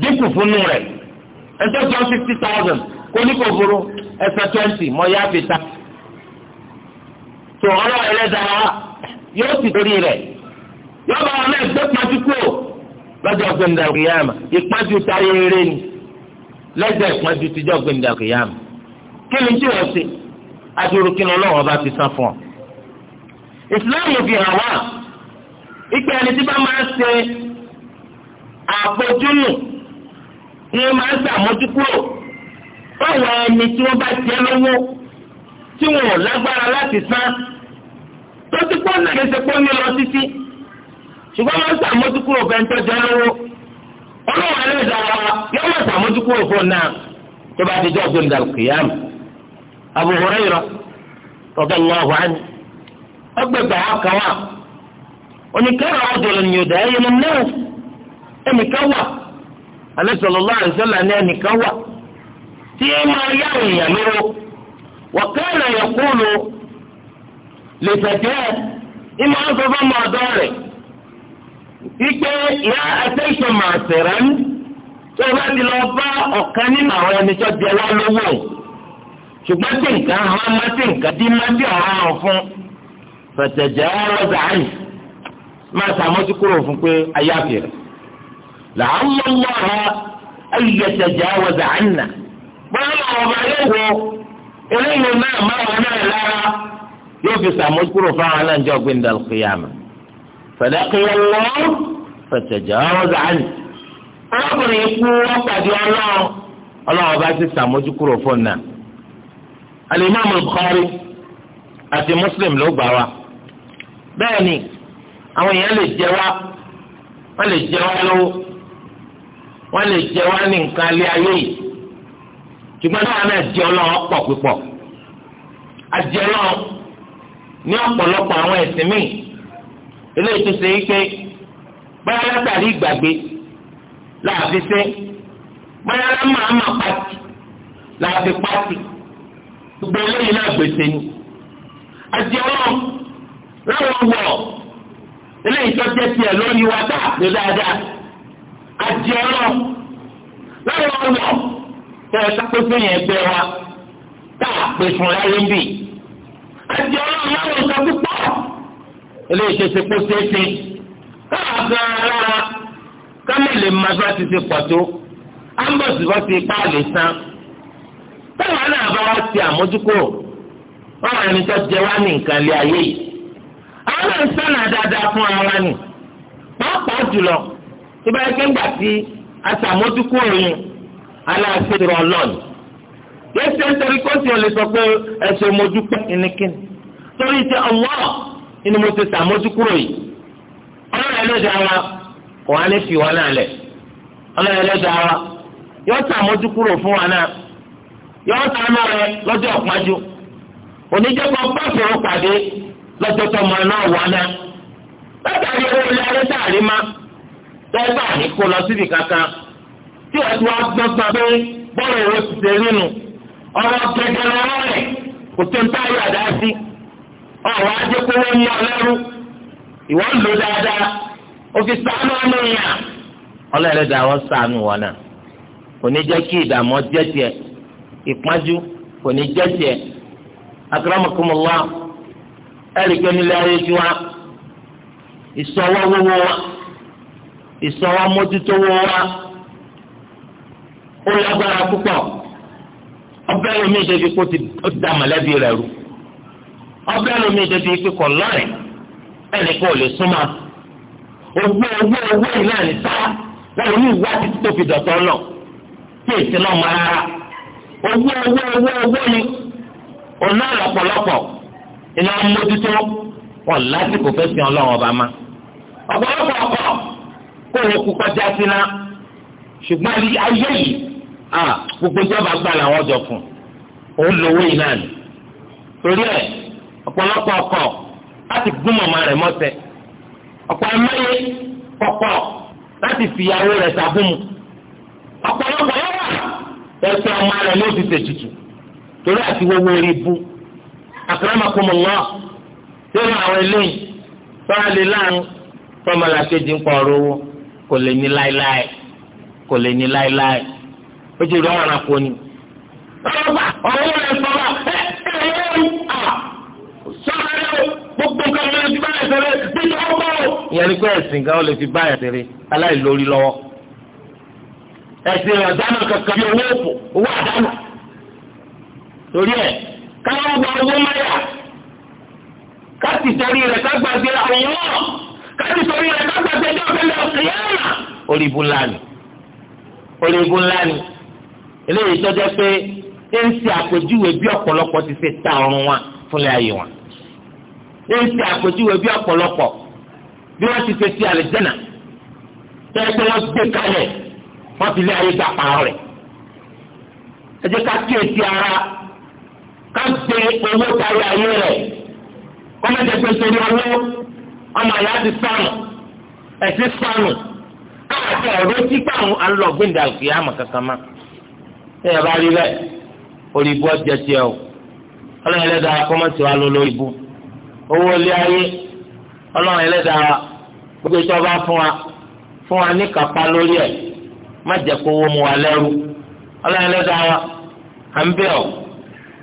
dínkù fúnnú rẹ̀ ẹsẹ̀ tó fifty thousand kò ní kò burú ẹsẹ̀ twenty mọ ta tó yóò ti torí rẹ ọ náà gbé kù lọ́jọ́ gbẹ̀ndà kìyàmà ìpájú táyé eré ni lẹ́sẹ̀ ìpájú tíjọ́ gbẹ̀ndà kìyàmà kí ni tí wọ́n ṣe adúrú kí ni ọlọ́wọ́n bá fi san fún ọ. ìsìláàmù fi hàn wá ìpè ẹni tí bá máa ṣe àpòjúnù ni máa ń ṣàmójúkúrò báwọn ẹni tí wọ́n bá jẹ́ lọ́wọ́ tí wọn ò lágbára láti san tó ti pọ́n náà lè ṣe pọ́n ní lọ títí ṣùgbọ́n wọ́n ń sàmójúkúrò fẹ́ ń tọ́jú ẹ̀rọ ọlọ́run ẹlẹ́dàá wa yọ wọ́n sàmójúkúrò fún náà tó bá dijọ́ gbẹ̀ndà kìyàm Abu Hurairah radiyallahu anhu ọgbẹ̀gbà àkàwà oníkẹ́rọ̀ ọ̀dọ̀lẹ̀ ni yòdà ẹ̀yẹ náà ẹnìkan wà alẹ́ sallallahu alaihi wasallam ní ẹnìkan wà tí ẹ máa yá èèyàn lóró wa kana yaqulu lè tẹ̀tẹ̀ ike ya atẹ́sán máa sẹ̀rẹ̀ ń tó o bá ti lọ bá ọ̀kan nínú àwọn ẹni tó di wá lówó ṣùgbọ́n tí nǹkan hàn má tí nǹkan dín má tí ọ̀rọ̀ hàn fún fẹ̀tẹ̀jẹ̀ ọlọ́dà àyè máa sàmójú kúrò fún pé ayáfi rẹ̀ làálọ́lọ́ha ayẹ̀tẹ̀jẹ̀ ọlọ́dà àyìnà bọ́lá ọba yóò wọ eléyìí náà máa náà lára yóò fi sàmójú kúrò fún àwọn aláǹjọ́ gbẹ̀ndàlùkìyàmù. fẹ̀dẹ́kìlẹ̀ lọ́wọ́ fẹ̀tẹ̀jà ọ̀rọ̀dà àlè. ọlọ́kùnrin kú wọ́n pàdé ọlọ́run ọlọ́run bá ti sàmójúkúrò fún náà. alimami Bukhari àti Muslim ló gbà wá. bẹ́ẹ̀ ni àwọn èèyàn lè jẹ wá wọ́n lè jẹ wá lówó wọ́n lè jẹ wá ní nǹkan alẹ́ ayé yìí ṣùgbọ́n náà náà jẹ ọlọ́run pọ̀ pípọ̀ àjẹ ọlọ́run ní ọ̀pọ̀lọpọ̀ àwọn ẹ̀sìn míì eléyìí tó ṣe é pé báyà látàrí ìgbàgbé láàfi ṣe báyà lámàmà pàtì láàfi pàtì gbogbo eléyìí náà gbèsè ni àti ọlọ́run láwọn wọ̀ eléyìí tó jẹ́ tiẹ̀ lórí wa dáa ló dáadáa àti ọlọ́run láwọn wọ̀ tẹ̀ ẹ́ sápẹ́sẹ́ yẹn gbẹ wa dáa pé fún láyé ń bì àti ọlọ́run láwọn sọ púpọ̀ eléyìí ṣe ṣe kó ṣeéṣe káwá gan alára kámẹ́ lè máa bá ti ṣe pọ̀ tó ámbọ̀sì bá ti pa lè san táwọn náà bá wá ti àmójúkúrò wọn wà ní tó jẹ wá ní nǹkan lé ayé yìí àwọn náà ń sànà dáadáa fún ara nì pàápàá jùlọ tí bá yẹ kí ń gbà tí aṣàmójúkúrò yìí aláṣẹ rọ lọ́nù kí ẹ ṣe ń torí kó sì ọ lè sọ pé ẹṣẹ mojú pẹ́ ẹnikẹ́ni torí ti ọwọ́. inú mo ti sàmójúkúrò yìí ọlọ́run ẹlẹ́dàá wa kò wá ní fi wá náà lẹ̀ ọlọ́run ẹlẹ́dàá wa yọ sàmójúkúrò fún wa náà yọ sànú rẹ lọ́jọ́ ọ̀pájú oníjẹ́kọ̀ pàṣẹwò pàdé lọ́jọ́ tọmọ náà wà náà látàrí owó ilé ayé tààrí má tẹ́gbà ní kó lọ síbi kankan tí wọ́n ti wá gbọ́sọ pé bọ́ọ̀lù ìwé ti ṣe rí nu ọ̀rọ̀ kẹ̀kẹ́ lọ́rọ̀ rẹ̀ kò tó ń táyà dá sí. ọwụwa ajé onye ń lọ ndụ ìwọ ń lò dáadáa ó fi sànú ọmọ èèyàn na wọn sànú wọn náà kò ní jẹ́ kí ìdààmú jẹ́ tiẹ̀ ìpájú kò ní jẹ́ tiẹ̀ akramakumullah ẹ̀ríkẹ́ nílé ayé tí wọ́n ìsọwọ́ wíwọ́ wa ìsọwọ́ mójútó ó lágbára púpọ̀ ọbẹ̀ kó ọbẹ̀ lómi débi pípọ̀ lọ́rẹ̀ ẹnì kan ò lè súnmọ́ ogbó ogbó ogbó ìlú àní sá wọn ò ní ìwà títí tó fi dọ̀tọ̀ lọ tí èsì náà mọ rárá ogbó ogbó ogbó ogbó ni ọ̀nà ọ̀pọ̀lọpọ̀ iná mójútó wọn lásìkò fẹ́ fi ọlọ́run ọba má ọ̀pọ̀lọpọ̀ ọkọ̀ kó o kú kọjá síná ṣùgbọ́n ayé yìí gbogbo ìjọba gbà làwọn jọ fún òun lówó ìnáà ni torí ẹ̀. ọ̀pọ̀lọpọ̀ ọkọ̀ láti gún màmá rẹ̀ mọ́sẹ̀ ọ̀pọ̀ ẹ̀mẹ́yẹ kọ̀kọ̀ láti fìyàwó rẹ̀ sàbùmù ọ̀pọ̀lọpọ̀ yọ̀wà ẹ̀sẹ̀ ọmọ rẹ̀ ló ti tètùtù torí àti wọ́wọ́ orí ibú àkàràmàkùmùlọ́ sínú àwọn eléyìí ń pọ̀ kò lè ní láéláé kò lè ní láéláé ó ti rí ọ̀rọ̀ bá ọ̀rọ̀ ìyẹn ni pé ẹ̀sìn gan ó lè fi bá ẹ̀sìn rí aláìlórí lọ́wọ́ ẹ̀sìn ọ̀dánù kankan bí owó òpò owó àdánù torí ẹ̀ káwọn gba owó mẹ́ta káti torí rẹ̀ kágbàgbé àwòrán káti torí rẹ̀ kágbàgbé dọ́kẹ́lẹ́ ọ̀kẹ́yàrá orí ibu ńlá ni orí ibu ńlá ni eléyìí tọ́jọ́ pé ń ṣe àpèjúwe bí ọ̀pọ̀lọpọ̀ ti ṣe ta ọrùn wa fúnlẹ̀ ayé wọn ń ṣe àpèjúwe bí ọ̀pọ̀lọpọ̀ bí wọ́n ti fèsì àlìjẹ́nà tẹ́lẹ̀ pé wọ́n gbé kalẹ̀ wọ́n fi lé ayé gbà pààrọ̀ rẹ̀. ẹ jẹ́ ká kíyèsí ara ká gbé owó tayé ayé rẹ̀ kọ́mẹ́tẹ̀ pé torí owó ọmọ àyà ti sànù ẹ̀sìn sànù káàkiri ọ̀rọ̀ tí káwọn alọ́gbìndà kì í àmọ̀ kankan má. ṣé ẹ bá rí bẹ́ẹ̀ orí ibú ọjà tiẹ̀ o ọlọ́run ẹlẹ́dàá kọ́mọ́tì wa lọ lórí ibú owó ilé ayé ọlọ́run ẹlẹ́dàá gbogbo ìtọ́ bá fún wa fún wa ní kápá lórí ẹ̀ má jẹ́ kó wọ́n mu wa lẹ́rú ọlọ́run lẹ́dàá wa à ń bẹ̀ ọ́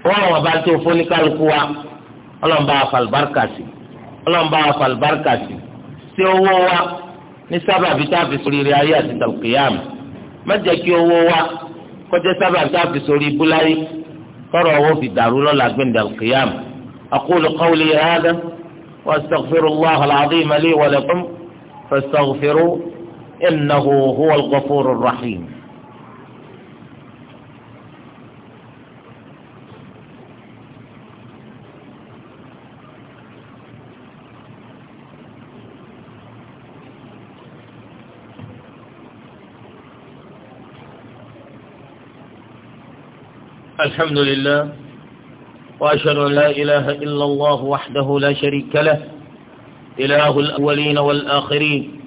wọ́n àwọn bá tó fún ní wa ọlọ́run bá wa fàlùbáríkà sí ọlọ́run bá wa fàlùbáríkà sí sí owó wa ní sábàbí tá a fi sóríire ayé àti tàlùkìyàm má jẹ́ kí owó wa kọjá sábàbí tá a fi sórí ibú kọ́rọ̀ owó fi dàrú lọ́la gbẹ̀ndàlùkìyàm aqulu qawli hadha wa astaghfirullah al-azim li فاستغفروا إنه هو الغفور الرحيم الحمد لله وأشهد أن لا إله إلا الله وحده لا شريك له إله الأولين والآخرين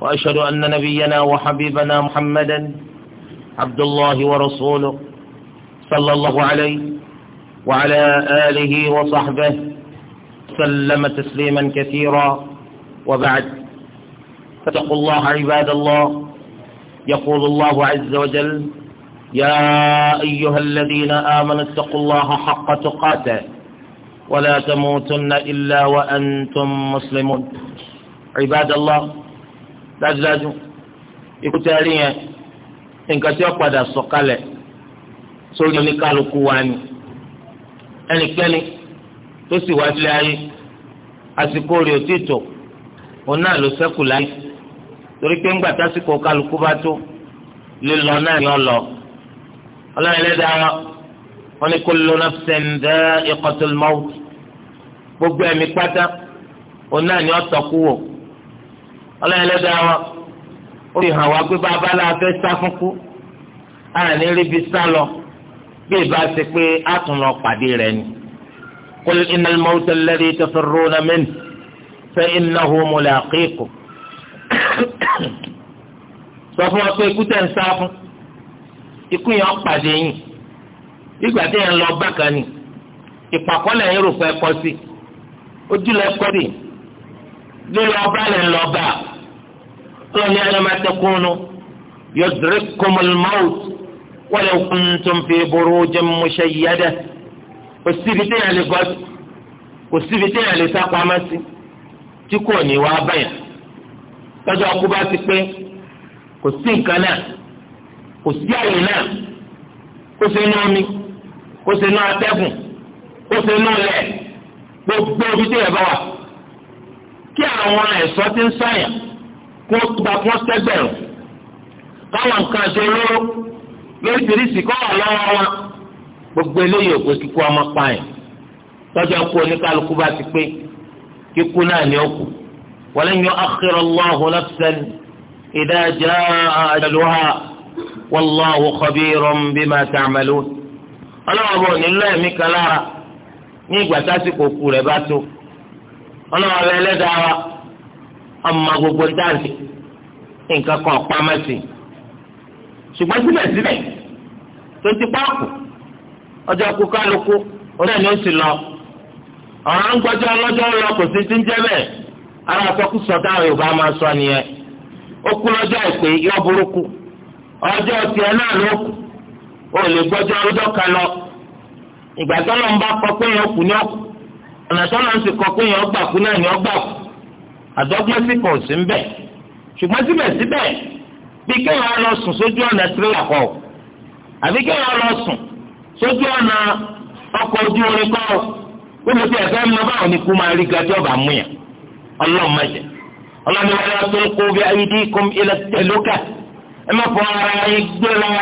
وأشهد أن نبينا وحبيبنا محمدا عبد الله ورسوله صلى الله عليه وعلى آله وصحبه سلم تسليما كثيرا وبعد فاتقوا الله عباد الله يقول الله عز وجل يا أيها الذين آمنوا اتقوا الله حق تقاته ولا تموتن إلا وأنتم مسلمون عباد الله dájúdájú ikú tẹ rí yẹn nǹkan tí ó padà sọ̀kalẹ̀ sórí oníkálukú wa ni ẹnikẹ́ni tó sì wá sílé ayé àsìkò rẹ̀ ò tí tó òun náà ló ṣẹ́kù láyé torí pé ńgbà tásìkò kálukú bá tó lílọ náà ni ó lọ ọlọ́run ẹlẹ́dàá wọn ni kullu nafsin dha'iqatul maut gbogbo ẹ̀mí pátá òun náà ni ọ̀tọ̀ kú wò ọlọ́yìn lẹ́dàá wọn ó fi hàn wá pé bàbá la fẹ́ sá fún kú àní ríbi sá lọ bí ìbá ṣe pé a tún lọ pàdé rẹ̀ ni. قل إن الموت الذي تفرون منه فإنه ملاقيكم sọ fún wa pé ikú tẹ̀ ń sá fún ikú yẹn pàdé yín nígbà tí yẹn lọ bákan ni ìpàkọ́lẹ̀ yẹn rò pé kọ́ sí i ojúlẹ̀ kọ́dì lórí ọba rẹ̀ lọ́ba lọ́ni alamatẹ́kùnú yudrikkumul maut walau kuntum fi burujin mushayyada kò síbi téèyàn lè gbọ́ kò síbi téèyàn lè sá pamọ́ sí tí kò ní wá báyà lọ́jọ́ ọkú bá ti pé kò sí nǹkan náà kò sí àyè náà kó sínú omi kó sínú atẹ́gùn kó sínú ilẹ̀ gbogbo ibi tí yẹn bá wà kí àwọn ẹ̀ṣọ́ ti ń sáyà kó gba kó sẹ́gbẹ̀rún káwọn nǹkan ṣe lóró lóríṣiríṣi kọ́ wà lọ́wọ́ wọn gbogbo eléyìí òkú kíkú ọmọ pààyàn tọ́jọ́ kú oníkálukú bá ti pé kíkú náà ní òkú wọlé yan akhira Allahu nafsan idha jaa ajaluha wallahu khabirun bima ta'malun ọlọ́wọ́ bò nílò ẹ̀mí kan lára. ní ìgbà tásìkò kù rẹ̀ bá tó ọlọ́wọ́ bẹ ẹlẹ́dàá wa ọmọ gbogbo dáǹtì nǹkan kan pamọ́ sí ṣùgbọ́n síbẹ̀síbẹ̀ tó ti páàkù ọjọ́ kú kálukú orí ni ó sì lọ ọ̀rọ̀ ń gbọ́jọ́ ọlọ́jọ́ lọ kò sí ti ń jẹ́ bẹ́ẹ̀ ara Yorùbá máa sọ nìyẹn ó kú lọ́jọ́ ìpè yọ burúkú ọjọ́ tiẹ̀ ìgbà tó lọ́n bá kọ pé yẹn kú ní ọ̀kú ọ̀nà tó lọ́n sì kọ pé ọgbà kú náà ní ọgbà kú àdọ́gbọ́n sì kàn sí ń bẹ̀ ṣùgbọ́n síbẹ̀síbẹ̀ bí kéèyàn lọ sùn sójú ọ̀nà tirẹ̀là kọ̀ àbí kéèyàn lọ sùn sójú ọ̀nà ọkọ̀ ojú orin ẹ̀fẹ́ kú máa rí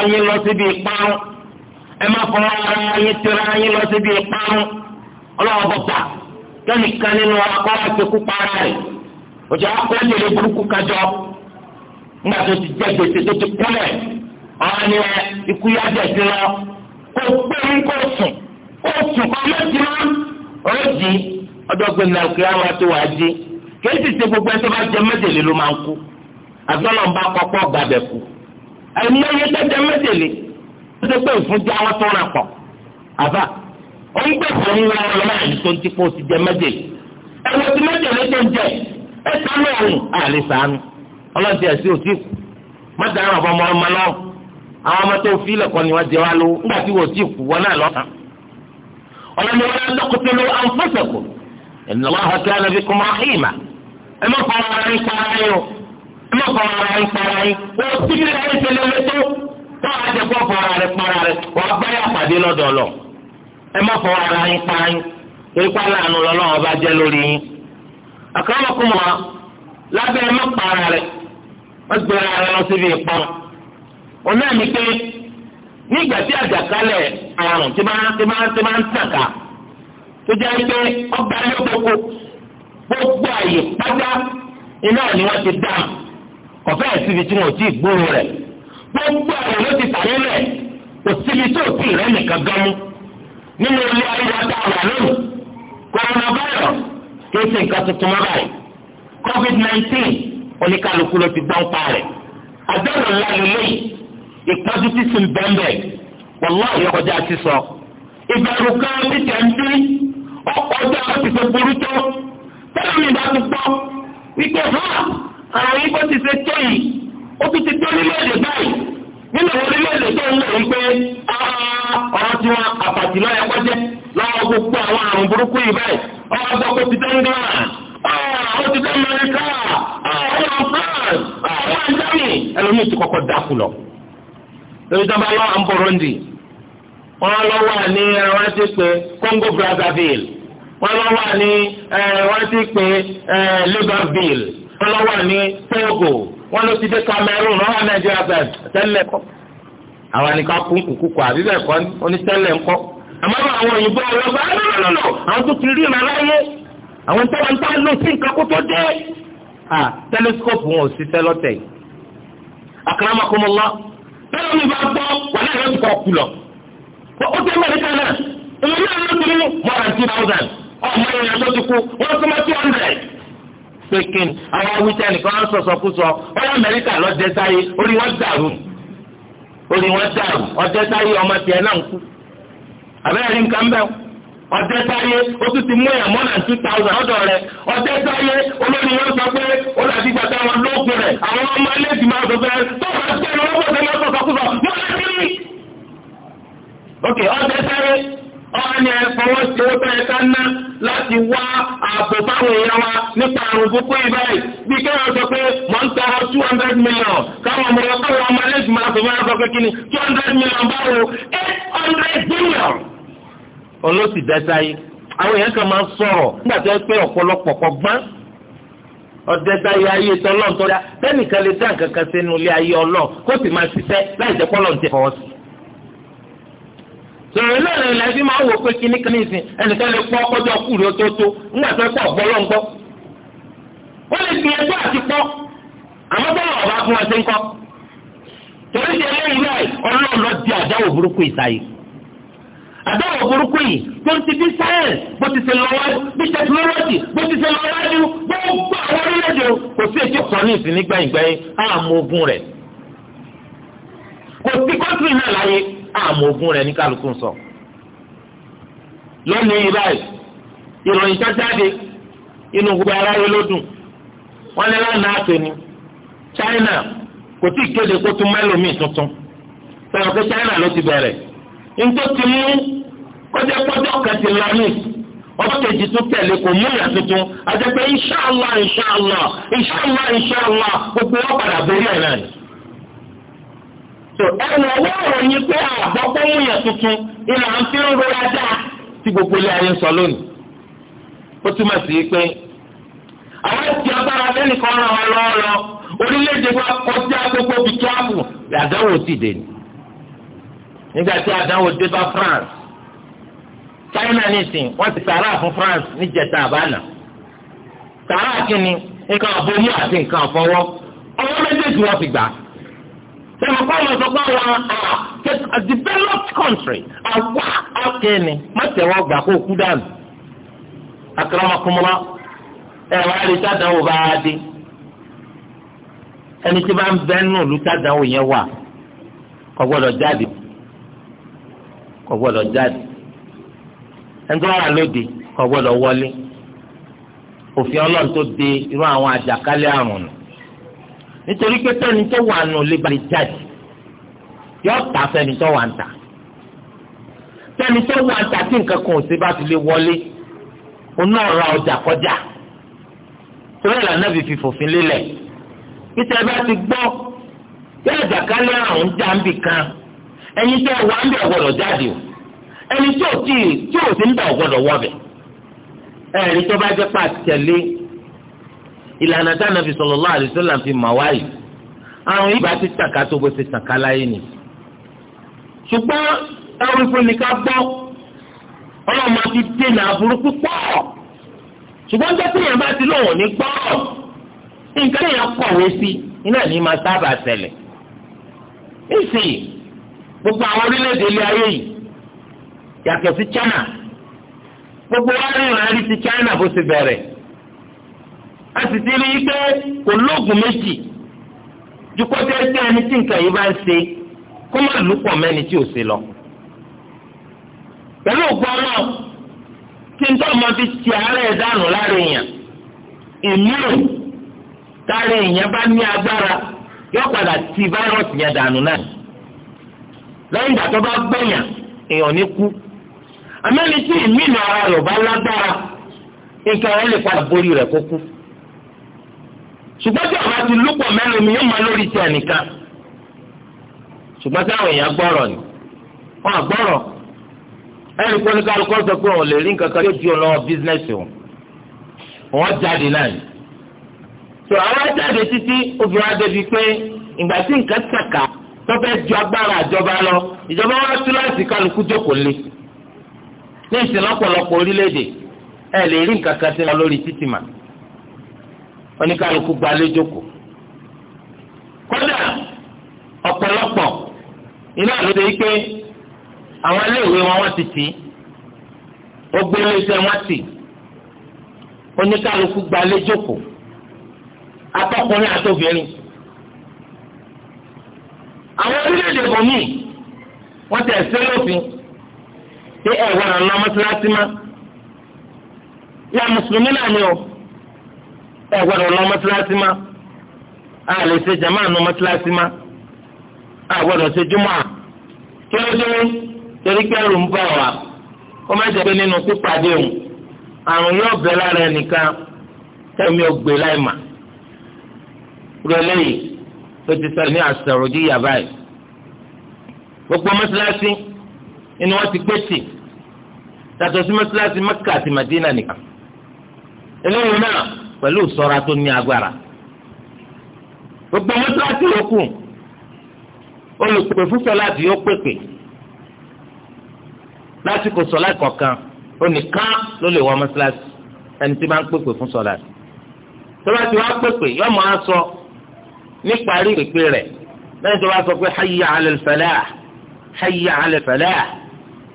ọlọ́run ẹ má fọ ayé anyị ayé lọ síbi ìparun ọlọ́wọ́ bọ̀tà kẹ́nìkan nínú akọ́ àtẹkù para rẹ̀ òjò burúkú kájọ ńgbà tó ti gbèsè tó ti kúlẹ̀ ni ikú yá sí lọ kó pé ń kó sùn kó sùn kó ló ti lọ ó di ọjọ́ gbẹ̀mí àkùrẹ́ àwọn àti wàá di kìí ṣe gbogbo ẹsẹ̀ bá jẹ mẹ́tẹ̀lẹ́ ló máa ń kú ó ṣe pé ìfúnjẹ àwọn tó rà pọ̀ àbá onígbèsè ń lọ ọ̀rọ̀ náà ní tó ń tipó ti jẹ méje ẹ̀rọ ti méje ló ń jẹ ẹ sánú ọ̀hún àlè sànú ẹ̀sìn kù ọ̀bọ ọmọ àwọn ọmọ tó fi ilẹ̀kọ́ ni wọ́n jẹ wá lówó nígbà tí wọ́n kù náà wọn ló táwọn àjẹpọ̀ fọra rẹ para rẹ wàá báyà pàdé lọ́dọ̀ lọ ẹ má fọwọ́ ara yín pa yín torí pa láàánú lọ́lọ́wọ́ bá jẹ́ lórí yín. àkàràmọ́kùn wa lábẹ́ ẹ má para rẹ wọ́n gbéra rẹ lọ síbi ìpọ́n. òun náà ní pé nígbà tí àjàkálẹ̀ àrùn tí máa ti máa ti máa ń tàkà tó jẹ́ pé ọba ilé gbogbo gbogbo àyè pátá iná ni wọ́n ti dá kọ̀fẹ́ síbi tí wọ́n ò tí rẹ̀ gbogbo ọ̀rọ̀ ló ti tàyẹ́ lẹ̀ kò síbi tó ti rẹ̀ nìkan gan mú nínú ilé ayélujára tá a wà lónìí corona virus kì í ṣe nǹkan tuntun mọ́ báyìí covid nineteen oníkàlùkù ló ti gbọ́n pa rẹ̀ àdéhùn ńlá lélẹ́yìn ìpọ́jú ti sùn bẹ́ẹ̀ wàláhì ọkọjá ti sọ ìbẹ̀rù kan ti tẹ̀ ń bí ọkọjá ti ṣe burú tó tẹ́lẹ̀ mi bá ti gbọ́ wípé hàn àwọn ibo ti ṣe tó yìí ó tún ti tó nílé èdè báyìí nínú àwọn orílẹ̀-èdè tó ń lò ń pé ah, ọ̀rọ̀ tí wọn àpàtì náà ẹ̀kọ́ jẹ́ láwọn gbogbo àwọn àrùn burúkú yìí báyìí ọ̀rọ̀ gbọ́ kó ti dẹ́ńdà ọ̀rọ̀ ah, ti dẹ́ Amẹ́ríkà ọ̀rọ̀ France ọ̀rọ̀ Germany ẹlòmíì ti kọ́kọ́ dákú lọ. lórí dábàá lọ à ń bọ̀rọ̀ wọn lọ wà ní wọn ti Congo Brazzaville wọn lọ wà ní wọn ti pè Libreville wọn lọ wà ní Togo wọ́n ló ti dé Cameroon wọ́n wà Nàìjíríà bẹ́ẹ̀ tẹ́lẹ̀ kọ́ àwọn àníkà kún kùkùkù àbí bẹ́ẹ̀ kọ́ onítẹ́lẹ̀ ńkọ́ àmọ́ àwọn òyìnbó ọlọ́gbà lọ́lọ́lọ́ àwọn tó ti rí ìrànláyé àwọn tẹ́wọ́n ń tán ló sí nǹkan kó tó dé à tẹlẹsikọ́pù wọn ò sí tẹ́lọ́tẹ̀ yìí àkàràmọ́kọ́mọ́lá tẹ́lẹ̀ mi bá gbọ́ wà láàrin ọ̀sùn kọ̀ọ̀kù lọ ó tẹ́ mẹ́ríkà náà ìmọ̀lẹ́ àwọn ọ̀sùn mọ́ra pé kí ni àwọn awíṣẹ́ nìkan wọ́n sọ̀sọ̀ kú sọ ọ̀rọ̀ amẹ́ríkà lọ́dẹ sáyé orí wọn dàrú orí wọn dàrú ọdẹ sáyé ọmọ tiẹ̀ náà ń kú àbẹ́rẹ́ rí nǹkan bẹ́ẹ̀ ọdẹ sáyé ó tún ti mú èèyàn mọ́ náà two thousand ọ̀dọ̀ rẹ̀ ọdẹ sáyé olórí wọn sọ pé ó lọ àti gbàtà wọn lóògùn rẹ̀ àwọn ọmọ ẹlẹ́dìí máa sọ fẹ́ẹ́ tó bá tẹ̀lé wọn bọ̀ ọ̀hún ẹ̀ fọwọ́ sí owó tó yẹ ká ná láti wá ààbò báwọn èèyàn wa nípa àrùn kúkú ìbáyìí bí kéwọn sọ pé mọ̀ ń tọrọ two hundred million káwọn ọmọ ọkọ wọn ọmọ ẹlẹ́sìn máa fi máa sọ pé kí ni two hundred million báwo eight hundred billion. olóòsì dẹ́sá àwọn èèyàn kan máa ń sọ̀rọ̀ nígbà tó yẹ pé ọ̀pọ̀lọpọ̀ kọ gbọ́n ọ̀dẹ́ta yẹ ayé tọ́lọ́ tọ́lá lè dá nǹkan kan sínú ilé ayé ọlọ́ kó sì máa ṣiṣẹ́ láì jẹ́ pọ́lọ́ ń sọ̀rọ̀ náà lè lẹ́bí máa wò pé kíní kan nìsín ẹnìkan lè pọ́ ọkọ́jọ́ kú rí ọtótó ńgbà tó pọ̀ gbọ́lọ́ ńkọ́. wọ́n lè fi ẹjọ́ àti pọ́ àmọ́ bọ́lá ọ̀bá fún ọtí ńkọ́. torí ti ẹlẹ́yìn náà ọlọ́run lọ di àdáwò burúkú ìsáyé. àdáwò burúkú yìí tó ti bí sáyẹ̀nsì bó ti ṣe lọ wájú bí tẹkinọ́lọ́jì bó ti ṣe lọ wájú gbogbo àwọn orílẹ̀-èdè kò sí ètò kan ní ìsìn nígbàyìngbàyìn á mọ ogun rẹ̀. kò sí kọ́ńtì náà láyé àmọ́ ogun re ní kálukú sọ. lónìí yìí báyìí ìròyìn tó jáde inú gbogbo aráyé ló dùn wọ́n lé lánàá àtẹni China kò tí ì kéde kó tún tuntun sọ̀rọ̀ pé China ló ti bẹ̀rẹ̀ nítorí ti mú kọjá kọjá kan ti lánìí ọ̀kẹ́jì tó tẹ̀lé kò mú ìyá tuntun àti pé inṣàlá inṣàlá inṣàlá inṣàlá gbogbo wọn padà borí ẹ̀ náà ni. so ẹnu ọwọ́ ìròyìn pé àgbọ̀pọ̀ múyàn tuntun ìlà ń fi ń rora tí gbogbo ilé ayé ń sọ lónìí ó túmọ̀ sí pé àwọn ti agbára lẹ́nìkan ràn wá lọ́wọ́ lọ orílẹ̀-èdè wa àdánwò dé ni nígbà tí àdánwò dé bá France China nìsín wọ́n ti sàrà fún France níjẹta àbánà sàrà kínní nǹkan àbomú àti nǹkan àfọwọ́ sẹ́mi kọ́mọ sọ pé àwọn ah, a developed country àwa akéènì má tẹ̀wọ́ gbà kó kú dànù. akramakumula ẹ wá rí sádàwọ̀ bá a dé ẹni tí bá ń bẹ́ nù lù sádàwọ̀ yẹn wà kò gbọ́dọ̀ jáde kò gbọ́dọ̀ jáde ẹni tó wà lóde kò gbọ́dọ̀ wọlé òfin ọlọ́run tó de irú àwọn àjàkálẹ̀ àrùn nù nítorí pé tẹ́ni tó wà nù lè balẹ̀ jáde yóò tà fẹ́ni tó wà ń tà tẹ́ni tó wà ń tà tí nǹkan kan ò sí bá ti lè wọlé oná ra ọjà kọjá torí ìlànà fífi fòfin lélẹ̀ peter bá ti gbọ́ bí àjàkálẹ̀ àrùn jàǹbì kan ẹni tí wà ń bẹ̀ gbọ́dọ̀ jáde o ẹni tí tí ò sí ń bẹ̀ gbọ́dọ̀ wọ̀ bẹ̀ ẹ̀rí tó bá jẹ́ pàtẹ́lẹ́ ìlànà tí Ànábì sallallahu alaihi wasallam fi mà wáyé àrùn yìí bá ti tàka tó bó ti tàka láyé ni. ṣùgbọ́n ẹrù ìpínlẹ̀ ká gbọ́ ọlọ́run máa fi dènà àbúrú púpọ̀ ṣùgbọ́n jẹ́ pé èèyàn bá ti lóun ní gbọ́ nǹkan èèyàn kọ̀wé sí iná ní máa sábà ṣẹlẹ̀ nísìnyí gbogbo àwọn orílẹ̀-èdè ilé ayé yìí yàtọ̀ sí China gbogbo wa rí ìrántí ti China bó ti bẹ̀rẹ̀ a sì ti rí i pé kò lóògùn méjì dukọ́ tẹ́ tẹ́ ẹni tí nǹkan yìí bá ń ṣe kó má lùpọ̀ mẹ́ni tí ò ṣe lọ. pẹ̀lú ògbọ́n náà tí nítorí ọmọ fi ti àárẹ̀ dànù lára èèyàn ìmíràn tára èèyàn bá ní agbára yóò padà ti fáírọ́ọ̀sì yẹn dànù náà. lẹ́yìn ìgbà tó bá gbẹ̀yàn èèyàn ní kú. àmẹ́ni tí ìmíràn ara rẹ̀ bá lágbára nǹkan rẹ̀ lè padà borí rẹ̀ kó kú ṣùgbọ́n tí ọba ti lúpọ̀ mẹ́rin mi yóò máa lórí ti ẹnìkan ṣùgbọ́n táwọn èèyàn gbọ́rọ̀ ni wọn àgbọ́rọ̀ ẹnì kan ní kálukú sọ pé òun lè rí nǹkan kan yóò di òun lọ́wọ́ bísínẹ́sì òun òun jáde náà ni tó àwọn jáde títí obìnrin adébí pé ìgbà tí nǹkan tàkà tó fẹ́ ju agbára àjọba lọ ìjọba wọn tú láti kálukú jókòó lé ní ìsìn lọ́pọ̀lọpọ̀ orílẹ̀-èdè ẹ lè rí nǹkan kan sí wọn lórí títì màá oníkàlùkù gbalẹ́jọ kù kódà ọ̀pọ̀lọpọ̀ iná lóde yìí pé àwọn iléèwé wọn wọ́n ti tì í ó gbé iléeṣẹ́ wọn tì oníkàlùkù gbalẹ́jọ kù atọ́kùnrin àtòbìnrin àwọn orílẹ̀-èdè bòmíì wọ́n tẹ̀ sí lófin pé ẹ̀wọ̀n àná mọ́sálásí má ya mùsùlùmí náà ni o ẹ gbọ́dọ̀ lọ mọ́tíláṣí má a lè ṣe jàmáà nu mọ́tíláṣí má a gbọ́dọ̀ ṣe júmọ́ à kí ló dé torí pé ẹrù ń bọ̀ wá kó má jẹ́ pé nínú pípàdé òun àrùn yóò bẹ lára ẹnìkan tẹ̀mí ògbé láì mà rẹlẹ́yìí ló ti sẹ́yìn ní àṣàròdì yàrá yìí gbogbo mọ́tíláṣí inú wọn ti pèsè tàtọ̀ sí mọ́tíláṣí Mẹ́kà àti Màdínà nìkan eléyìí náà pẹ̀lú ìṣọ́ra tó ní agbára gbogbo mọ́tíláṣí yòókù olùpèpè fún sọ́láàtì yóò pèpè lásìkò sọ́láàtì kọ̀ọ̀kan onìkan ló lè wọ mọ́tíláṣí ẹni tí máa ń pèpè fún sọ́láàtì tó bá ti wá pèpè yóò máa sọ níparí pèpè rẹ̀ lẹ́yìn tó bá sọ pé hayya ala al-falah hayya ala al-falah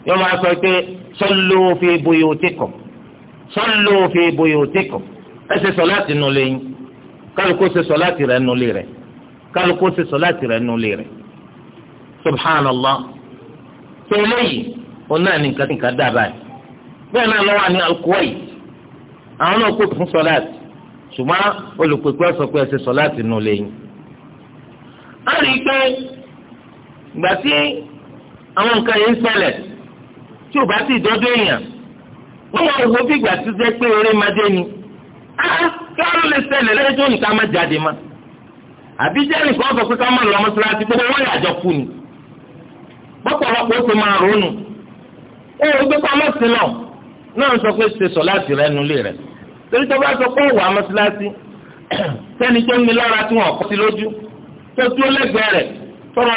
yóò máa sọ pé sallu fi buyutikum sallu fi buyutikum ẹ ṣe sọ láti nu lé yín kálukú ṣe sọ láti rẹ nu lé rẹ kálukú ṣe sọ láti rẹ nu lé rẹ subhanallah tó léyìí òun náà ní nǹkan tí nǹkan dábàá yìí bẹ́ẹ̀ náà lọ́wọ́ ní Al-Kuwait àwọn náà kó fún sọ láti ṣùgbọ́n olùpèpè sọ pé ẹ ṣe sọ láti lé yín a rí i pé ìgbà tí àwọn nǹkan yìí ń ṣẹlẹ̀ tí ò bá sì dọ́dọ̀ èèyàn wọ́n máa wo bí ìgbà tí ó jẹ́ pé eré máa dé ni. kí wọ́n lè ṣẹlẹ̀ lẹ́yìn tó nìkan má jáde ma àbí jẹ́ nìkan sọ pé ká má lọ mọ́ṣáláṣí gbogbo wọ́n yà kú ni bọ́pọ̀lọpọ̀ ó ti máa ronú ó rí pé kọ́ mọ́sí náà náà sọ pé ṣe sọ láti rẹ nulẹ̀ torí tó bá sọ pé òwò sẹ́ni tó ń mi tí wọ́n kọ́ sí lójú tó lẹ́gbẹ̀ẹ́ rẹ̀ tọrọ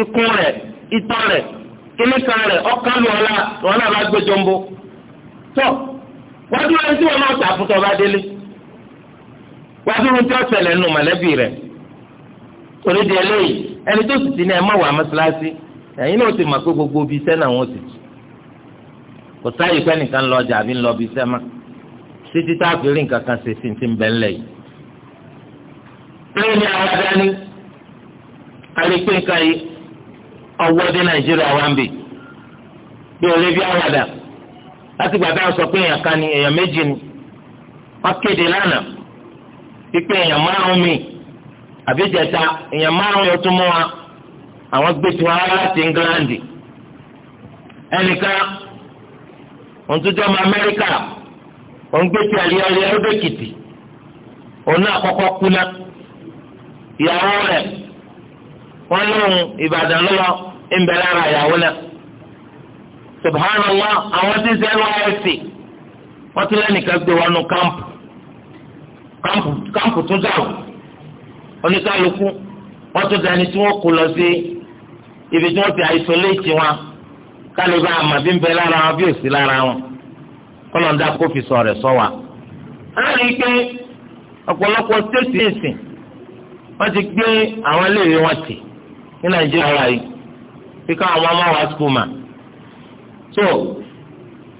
ikùn rẹ̀ rẹ̀ kíní kan rẹ̀ ọkàn lù ọ̀la wọn náà bá gbé jọmbo tó wájú rẹ̀ tí wọn náà tà fún tọba délé wájú rẹ̀ tí wọn ṣẹlẹ̀ nù mọ̀lẹ́bí rẹ̀ torí di ẹni tó sì ti ní wà mọ́sálásí ẹ̀yin náà ti gbogbo ibi iṣẹ́ náà wọ́n sì ti kò sáyé pé nìkan lọ ọjà àbí ńlọ ibi iṣẹ́ má títí tá a fi rí nǹkan kan ṣe sí ti ń ọwọ́ dé nàìjíríà wá ń bì bí olè bí àwàdà láti gbàdá sọ pé èèyàn kan ni èèyàn méjì ni wọ́n kéde lánàá pípé èèyàn márùn mi àbíjẹta èèyàn márùn yóò tún mú wa àwọn gbé tiwọn láti Íńgíláńdì ẹnìkan òun tún jọ́ ọmọ òun gbé tí wọn lóhun ìbàdàn lọ́lọ́ ń bẹ ìyàwó náà subhanallah àwọn tí ń sẹ́ nysc wọ́n ti lẹ́nìkan gbé wọnú kámpù kámpù kámpù tún dàrú oníkálukú wọ́n tún dání tí wọ́n kó lọ sí ibi tí wọ́n ti isolate wọn kálíbà àmàbí ń bẹ lára wọn bí òsì lára wọn kọ́lọ́ndà kó fi sọ rẹ̀ sọ wa. láàrin pé ọ̀pọ̀lọpọ̀ stéètì ìsìn wọ́n ti gbé àwọn iléèwé wọn tì. ní nàìjíríà yìí bí káwọn ọmọ wa sùkúù mà tó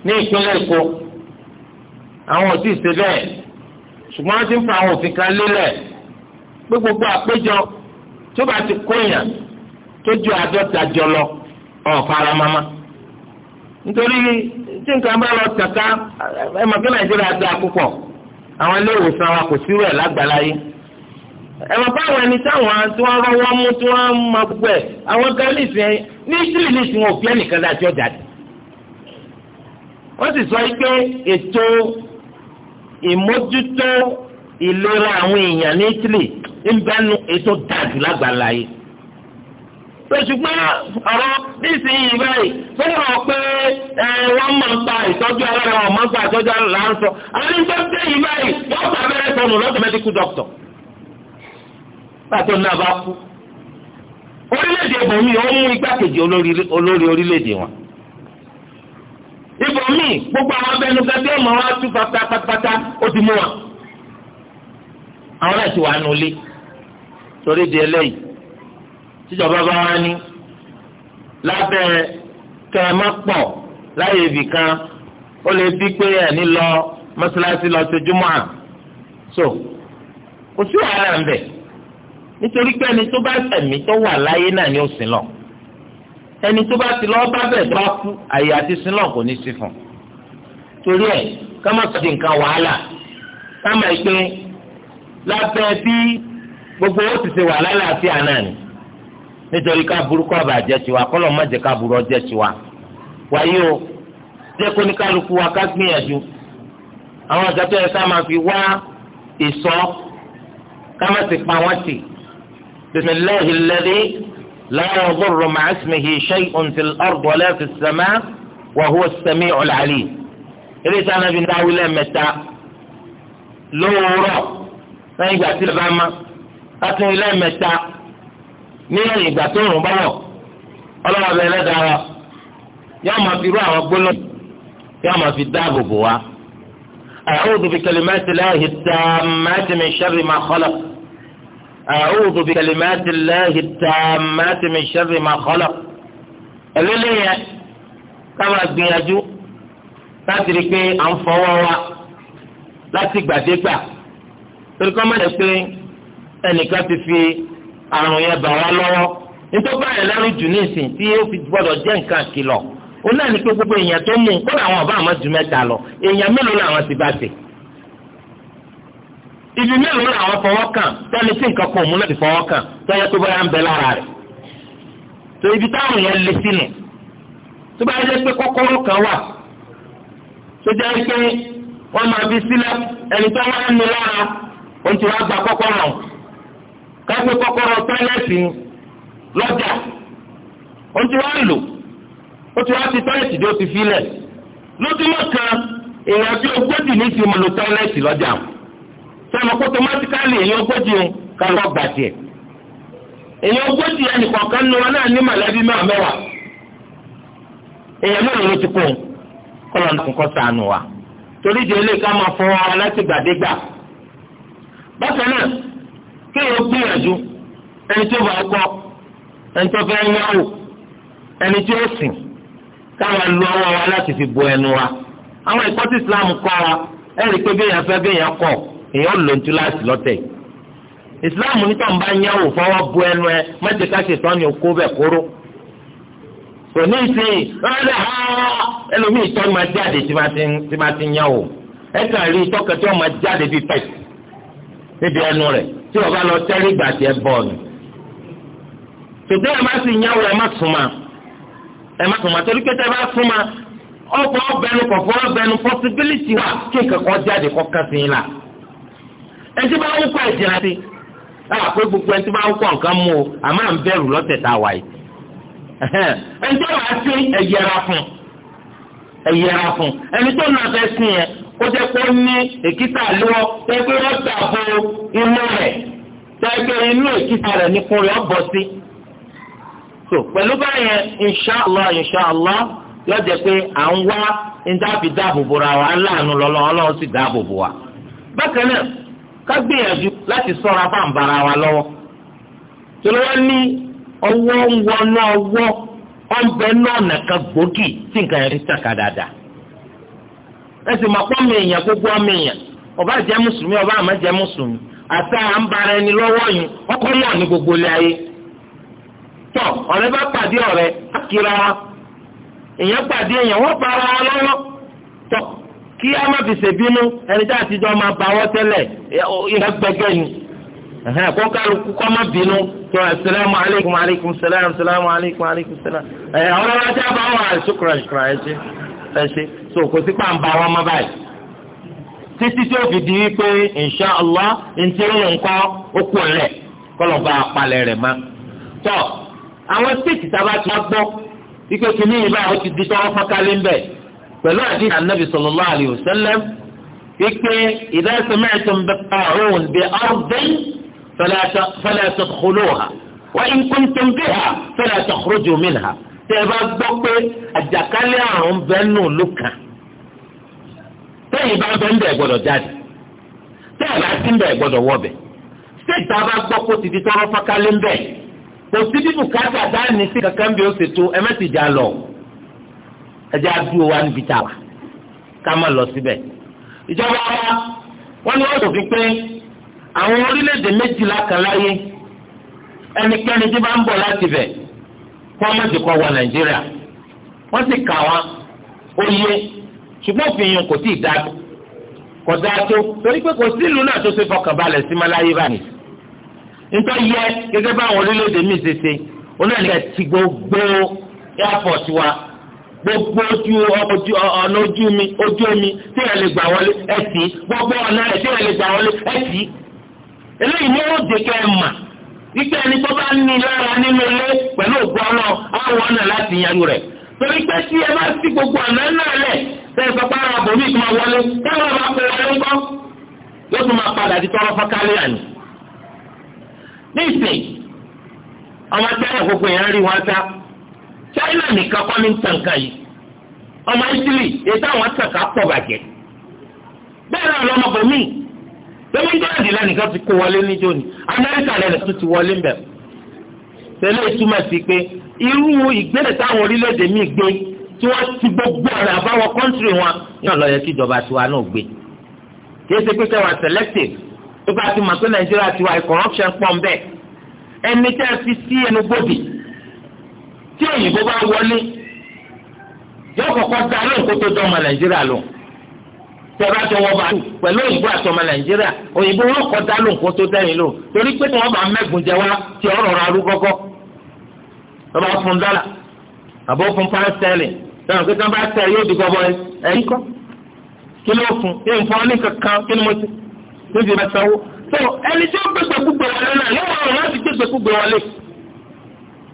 ní ìpínlẹ̀ èkó àwọn ò tí ti ń fa àwọn òfin kan lélẹ̀ pé gbogbo àpéjọ bá ti kó èèyàn ju àádọ́ta jọ lọ ọ̀fara mama nítorí tí nǹkan bá lọ nàìjíríà púpọ̀ àwọn ilé ìwòsàn ẹ̀rọ báwọn ẹni táwọn tí wọ́n rọwọ́ mú tí wọ́n mọ gbogbo ẹ̀ àwọn galilisi yẹn ní ìsírì ní ìsìn òfin ẹnìkan láti ọjà dì. wọ́n sì sọ pé ètò ìmójútó ìlera àwọn èèyàn ní ìsírì ń bẹnu ètò dàdú lágbàlá yìí ṣùgbọ́n ọ̀rọ̀ nísìnyí báyìí tó ń rọ̀ pé wọ́n máa ń gba ìtọ́jú alára wọn máa ń gba ìtọ́jú alára ń sọ àwọn ìtọ́jú yìí báyìí wọ́n gbà bẹ́rẹ̀ sọnù lọ́dọ̀ mẹ́tíkù dọ́kítọ̀ pàtó náà bá kú orílẹ̀-èdè ibòmí ó mú igbákejì olórí orílẹ̀-èdè wọn ibòmí gbogbo àwọn abẹnugan tí ọmọ wa tú pátápátá ó ti mú wọn àwọn náà ti wà nulẹ̀ torí di eléyìí tíjọba bá wá ní lábẹ́ kẹ́ẹ̀má pọ̀ láyé ibì kan ó lè bí pé ẹ̀ lọ mọ́ṣáláṣí lọ à so kò sí wàhálà ń bẹ̀ nítorí pé ẹni tó bá tẹ̀mí tó wà láyé náà ni ó sin lọ ẹni tó bá ti lọ́ọ́ bá bẹ̀ tó bá kú àyè àti sin lọ kò ní sí fún un torí ẹ̀ ká má sọ di nǹkan wàhálà ká má ẹ pé lábẹ́ bí gbogbo ó ti ṣe wà lálàáfíà náà ni nítorí ká burúkú ọ̀bà jẹ́ tiwa kọ́lọ̀ má jẹ́ ká burú ọjẹ́ tiwa wáyé o jẹ́ kó ní kálukú wa ká gbìyànjú àwọn ọ̀gá tó yẹ ká máa fi wá ìsọ ká má sì pa wọ́n tì. بسم الله الذي لا يضر مع اسمه شيء في الأرض ولا في السماء وهو السميع العليم إذا أنا بن داوي لا متى لورا نيجا في الغامة أتن لا متى نيجا تون بلو الله بلا دارا يا ما في روح وقبل يا ما في الدابو بوا أعوذ بكلمات الله التامات من شر ما خلق a'udhu bi kalimati llahi tammati min sharri ma khalaq ẹlẹ́lẹ́ yẹn káwọn agbìyànjú láti rí i pé à ń fọwọ́ wa láti gbàdégbà torí kọ́ mọ̀ lẹ́ pé ẹnìkan ti fi àrùn yẹn bà wá lọ́wọ́ nítorí báyìí lẹ́rù jù ní ìsìn tí ó fi gbọ́dọ̀ jẹ́ nǹkan kìlọ̀ ó náà ní pé gbogbo èèyàn tó mú kó làwọn ọba àmọ́ ju mẹ́ta lọ èèyàn mélòó làwọn ti bá tẹ̀ ibi mélòó làwọn fọwọ́ kàn tẹ́lẹ̀ tí nǹkan kan òun láti fọwọ́ kàn tẹ́lẹ̀ tó báyà ń bẹ lára rẹ̀ tó ibi táwọn yẹn lé sínú tó bá yẹ pé kọ́kọ́rọ́ kan wà tó jẹ́ pé wọ́n máa fi sílẹ̀ ẹni tó wá ń nu lára òun ti wá gba kọ́kọ́rọ́ kápé kọ́kọ́rọ́ tọ́lẹ́tì lọ́jà òun ti wá ń lò ó ti wá ti tọ́lẹ́tì tó ti fi lẹ̀ kan èèyàn tí ogójì ní ti mọ̀ lò sọmọ kó tomatikali èyí ogójì ń kálọ gbàjẹ èyí ogójì ẹnì kọ̀ọ̀kan nu wọn náà ní mọ̀lẹ́bí mẹ́wàá mẹ́wàá èyàn mẹ́rin ló ti kún kọ́lọ̀ ní sànù wa torí di eléyìí ká máa fún wa láti gbàdégbà bákan náà kéèyàn gbìyànjú ẹni tó bá kọ́ ẹni tó fẹ́ yáwò ẹni tí ó sìn fi bo ẹnu wa àwọn ìkọ́sí Islam kọ́ wa ẹ̀rí pé fẹ́ èèyàn ló ń tú láti lọ́tẹ̀ islam nítorí wọn bá ń yáwò fọwọ́ bu ẹnu ẹ mẹ́tẹ̀ ká ṣètò ọ̀nà òkú bẹ̀ kóró kò ní ìsìn ọ̀rẹ́ ha ẹlòmíì tọ́ ma jáde tí ma ti yáwò ẹ kàn rí tọ́kẹ́ tí wọ́n ma jáde bíi pẹ́ẹ́tì níbi ẹnu rẹ̀ tí wọ́n bá lọ tẹ́rí ìgbà tí ẹ bọ̀ ni tòtẹ́ ẹ má sì yáwò ẹ má súnmọ́ ẹ má súnmọ́ torí pé tẹ́ bá súnmọ́ ọkọ̀ ọbẹ̀nu kọ̀ọ̀fọ̀ ọbẹ̀nu possibility wà kí nǹkan kan jáde kọ́ kásìn la. ẹtí bá ń kọ sí a pé gbogbo ẹtí bá ń kọ nǹkan mú o a máa ń bẹ̀rù lọ́tẹ̀ tá a wà yìí ẹni sí ẹ̀yẹra fún ẹ̀yẹra fún ẹni tó náà fẹ́ sìn yẹn kó jẹ́ kó ní èkìtà lọ́wọ́ tẹ́ pé wọ́n tà inú rẹ̀ so pẹ̀lú báyẹn inṣàlá inṣàlá lọ́jọ́ pé à ń wá ní dábì dáàbò bora wa aláàánú lọ́lọ́ ọlọ́run sì dáàbò ká gbìyànjú láti sọ́ra bá wa lọ́wọ́ torí ní ọwọ́ ń wọnú ọwọ́ ọ̀nbẹ náà nàka gbòógì tí nǹkan yẹn ti tàkà dáadáa èèyàn gbogbo ọmọ èèyàn ọba jẹ́ mùsùlùmí ọba àmọ́ jẹ́ mùsùlùmí àti à ń bara tọ ọ̀rẹ́ bá pàdé ọ̀rẹ́ wa èèyàn pàdé èèyàn wọ́n kí a má fi ṣèbínú ẹni tá a ti jọ máa bawọ́ tẹ́lẹ̀ ìhẹ́ gbẹgẹ́ yìí kó kálukú kọ́ má bínú tó asalaamu aleykum aleykum salaam salaamu aleykum aleykum salaam ẹ̀ bá so kò sí pàǹbà wọn má báyìí títí tí fi insha allah ntẹ́rù nǹkan ó kù lẹ̀ kọ́lọ̀ bá rẹ̀ má tọ́ àwọn stéètì tá a bá ti gbọ́ ikú kìíní báyìí ó ti pẹ̀lú àti anabi sallallahu alayhi wa sallam wípé idha sami'tum bi ta'un bi ardin fala tadkhuluha wa in kuntum biha fala takhruju minha tẹ́ ẹ bá gbọ́ pé àjàkálẹ̀ àrùn bẹ́ẹ̀ nù lùkàn tẹ́yìn bá bẹ́ẹ̀ ń bẹ̀ gbọ́dọ̀ jáde tẹ́yìn bá ti ń bẹ̀ gbọ́dọ̀ wọ̀bẹ̀ stéètì tá bá gbọ́ kó ti di tọ́rọ́ fákálẹ̀ ń bẹ̀ kò sí bíbù káàtà dáàní sí kankan ẹjẹ́ adúlọ wa níbi tá a wà ká má lọ síbẹ̀. ìjọba wa wọ́n ní wọ́n sọ fún pé àwọn orílẹ̀-èdè méjìlá kan láyé ẹnikẹ́ni tí bá ń bọ̀ láti bẹ̀ kó ọmọ ti kọ́ wọ nàìjíríà wọ́n sì kà wọ́n oyè ṣùgbọ́n òfin yìí kò tíì dáa kò dáa tó torí pé kò sí ìlú náà tó ṣe fọkànbalẹ̀ sí má láyé báyìí nítorí yẹ gẹ́gẹ́ báwọn orílẹ̀-èdè míì ṣe ṣe onáà ti gbogbo airport wa gbogbo ojú ọ̀nà ojú mi ojú mi, tí ẹ lè gbà wọlé ẹ tì í gbogbo ọ̀nà ẹ tí ẹ lè gbà wọlé ẹ tì í. eléyìí ni ó dè kẹ́ ẹ mà wípé ẹni tó bá ní lára nínú ilé pẹ̀lú òkú ọlọ́ àwọn ọ̀nà láti yanjú rẹ̀ torí pé tí ẹ bá sí gbogbo ọ̀nà náà lẹ̀ tẹ́ ẹ sọ pé ara bòmí wọlé táwọn bá kó wọlé ńkọ́ yóò tún máa padà di tọrọ fọ́kálẹ̀ àná. ní ìsìn àwọn gbogbo yẹn China nìkan kọ́ ní tàǹkà yìí ọmọ Italy ètò àwọn tàǹkà pọ̀ bàjẹ́ bẹ́ẹ̀ náà lọ́mọbìnrin mi lọ́mọdéwàdì lẹ́nìkan ti kó wọlé níjó ni Amẹ́ríkà lẹ́nìkan ti wọlé mbẹ́ tẹ́lẹ̀ túmọ̀ sí pé irú ìgbésẹ̀ táwọn orílẹ̀-èdè míì gbé tí wọ́n ti gbogbo ọ̀rẹ́ àbáwọ̀ kọ́ńtìrì wọn náà ló yẹ kí ìjọba tiwa náà gbé kí ẹsẹ̀ pé kẹwàá selective tó bá ti mọ̀ pé Nàìjíríà tiwa corruption pọ̀ mbẹ́ ẹni tẹ́ fi sí ẹnu gbòdì tí òyìnbó bá wọlé yóò kọ́kọ́ da lóun kó tó dọ́mọ nàìjíríà lò tẹ̀rọ àtọwọ́ bá lù pẹ̀lú òyìnbó àtọmọ nàìjíríà òyìnbó yóò kọ́ da lóun kó tó dẹ́yìn lò torí pé tí wọ́n bá mẹ́gun jẹ wá tí ọ̀rọ̀ ra rú gọ́gọ́ lọ́ba fún dọ́là àbọ̀ fún pàṣẹlẹ̀ lọ́nà pé tí wọ́n bá tẹ̀ yóò di gọ́bọ́ ẹ̀yìn kọ́ kí ló fún kí n fọ́ ní kankan kí ni mo ti níbi ìbásanwó. ẹni tí ó gbẹgbẹ gbogbo wọlé náà yóò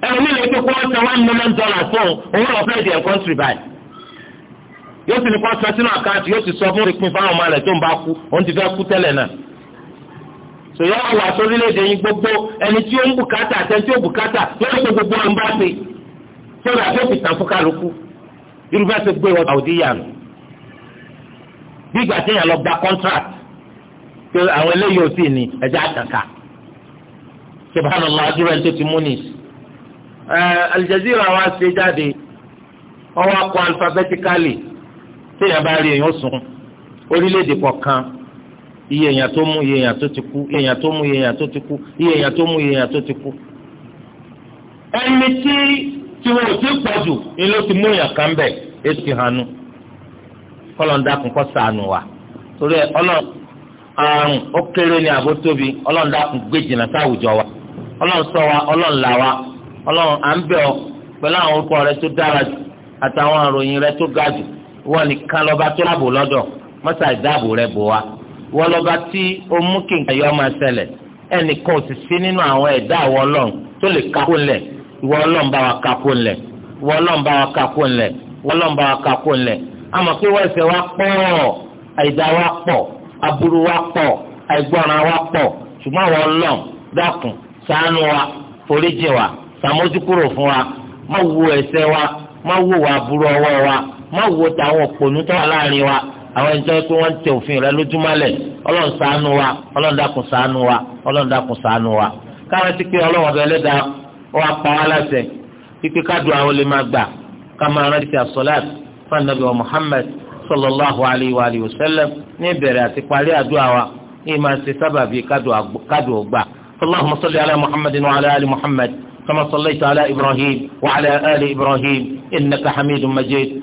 ẹnu mi lè fi kó ọsẹ one million dollars fún òun lọ fẹ́ di ẹ̀ kọ́ńtìrì báyìí yóò sì ní kó sọ sínú àkáǹtì yóò sì sọ fún ìpín fáwọn ọmọ rẹ̀ tó ń bá kú òun ti fẹ́ kú tẹ́lẹ̀ náà sòyà wà sórílẹ̀-èdè yín gbogbo ẹni tí ó ń bùkátà àti ẹni tí ó bùkátà lórí pé gbogbo ọ̀nba ṣe sọ̀rọ̀ àti òfin tàn fún kálukú yorùbá ṣe gbé wọn àwòdì yànnù bí ìgbà tí yàn lọ gba contract pé àwọn eléyìí ò sì ní ẹja àtàkà ṣùgbọ́n àwọn ọmọ adúrẹ́ tó ti mú nìyí Eh, Aljazeera wa se jáde ọwọ́ akọ alifabẹtikali téèyàn bá rí èèyàn sùn orílẹ̀-èdè kọ̀ọ̀kan iye èèyàn tó mú iye èèyàn tó ti kú iye èèyàn tó mú iye èèyàn tó ti kú iye èèyàn tó mú iye èèyàn tó ti kú. ẹni tí tí wọn ò tí pọ̀ jù ni ló ti wa torí ẹ ọlọ́run àrùn ó kéré ní àbótóbi ọlọ́run gbé wa ọlọ́run wa ọlọ́run là wa. ọlọ́run à ń bẹ̀ ọ́ pẹ̀lú àwọn orúkọ rẹ tó dára jù àtàwọn àròyìn rẹ tó ga jù wọ́n nìkan lọ́ba tó láàbò lọ́dọ̀ mọ́sá ìdáàbò rẹ bò wá wọ́n lọ́ba tí ó mú kí nǹkan yọ máa ṣẹlẹ̀ ò sì sí nínú àwọn ẹ̀dá àwọn ọlọ́run tó lè kakó bá wa kakó ńlẹ̀ ìwọ ọlọ́run bá wa kakó ńlẹ̀ ìwọ ọlọ́run bá wa kakó ńlẹ̀ àmọ́ pé wọ́n ẹsẹ̀ sàmójúkúrò fún wa má wo ẹ̀ṣẹ̀ wa má wo wà burú ọwọ́ wa má wo tàwọn òpònú tó wà láàrin wa àwọn ẹni tó yẹ pé wọ́n ń tẹ òfin rẹ lójúmọ́lẹ̀ ọlọ́run ṣàánú wa ọlọ́run dákun ṣàánú wa ọlọ́run dákun ṣàánú wa káwọn ti pé ọlọ́run ọbẹ̀ ẹlẹ́dàá ó wá pa wá láṣẹ pípé kádùn àwọn lè máa gbà ká máa rántí àsọlát fún anabi wa muhammed sallallahu alayhi wa alihi wa sallam ní ìbẹ̀rẹ̀ àti parí àdúrà wa ní ìmọ̀ àti sábàbí kádùn ògbà. allahumma salli ala muhammadin wa ala ali كما صليت على إبراهيم وعلى آل إبراهيم إنك حميد مجيد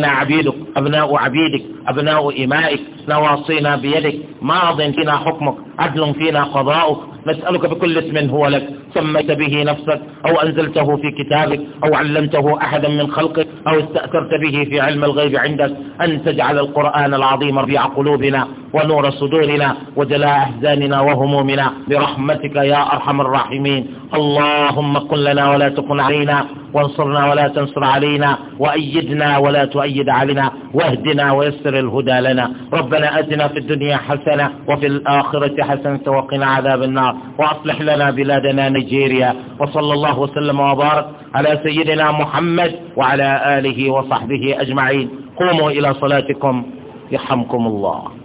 إننا عبيدك أبناء عبيدك أبناء إمائك نواصينا بيدك ماض فينا حكمك عدل فينا قضاؤك نسألك بكل اسم هو لك سميت به نفسك أو أنزلته في كتابك أو علمته أحدا من خلقك أو استأثرت به في علم الغيب عندك أن تجعل القرآن العظيم ربيع قلوبنا ونور صدورنا وجلاء أحزاننا وهمومنا برحمتك يا أرحم الراحمين اللهم كن لنا ولا تكن علينا وانصرنا ولا تنصر علينا وأيدنا ولا تؤيد علينا واهدنا ويسر الهدى لنا ربنا أتنا في الدنيا حسنة وفي الآخرة حسنة وقنا عذاب النار وأصلح لنا بلادنا نيجيريا وصلى الله وسلم وبارك على سيدنا محمد وعلى آله وصحبه أجمعين قوموا إلى صلاتكم يرحمكم الله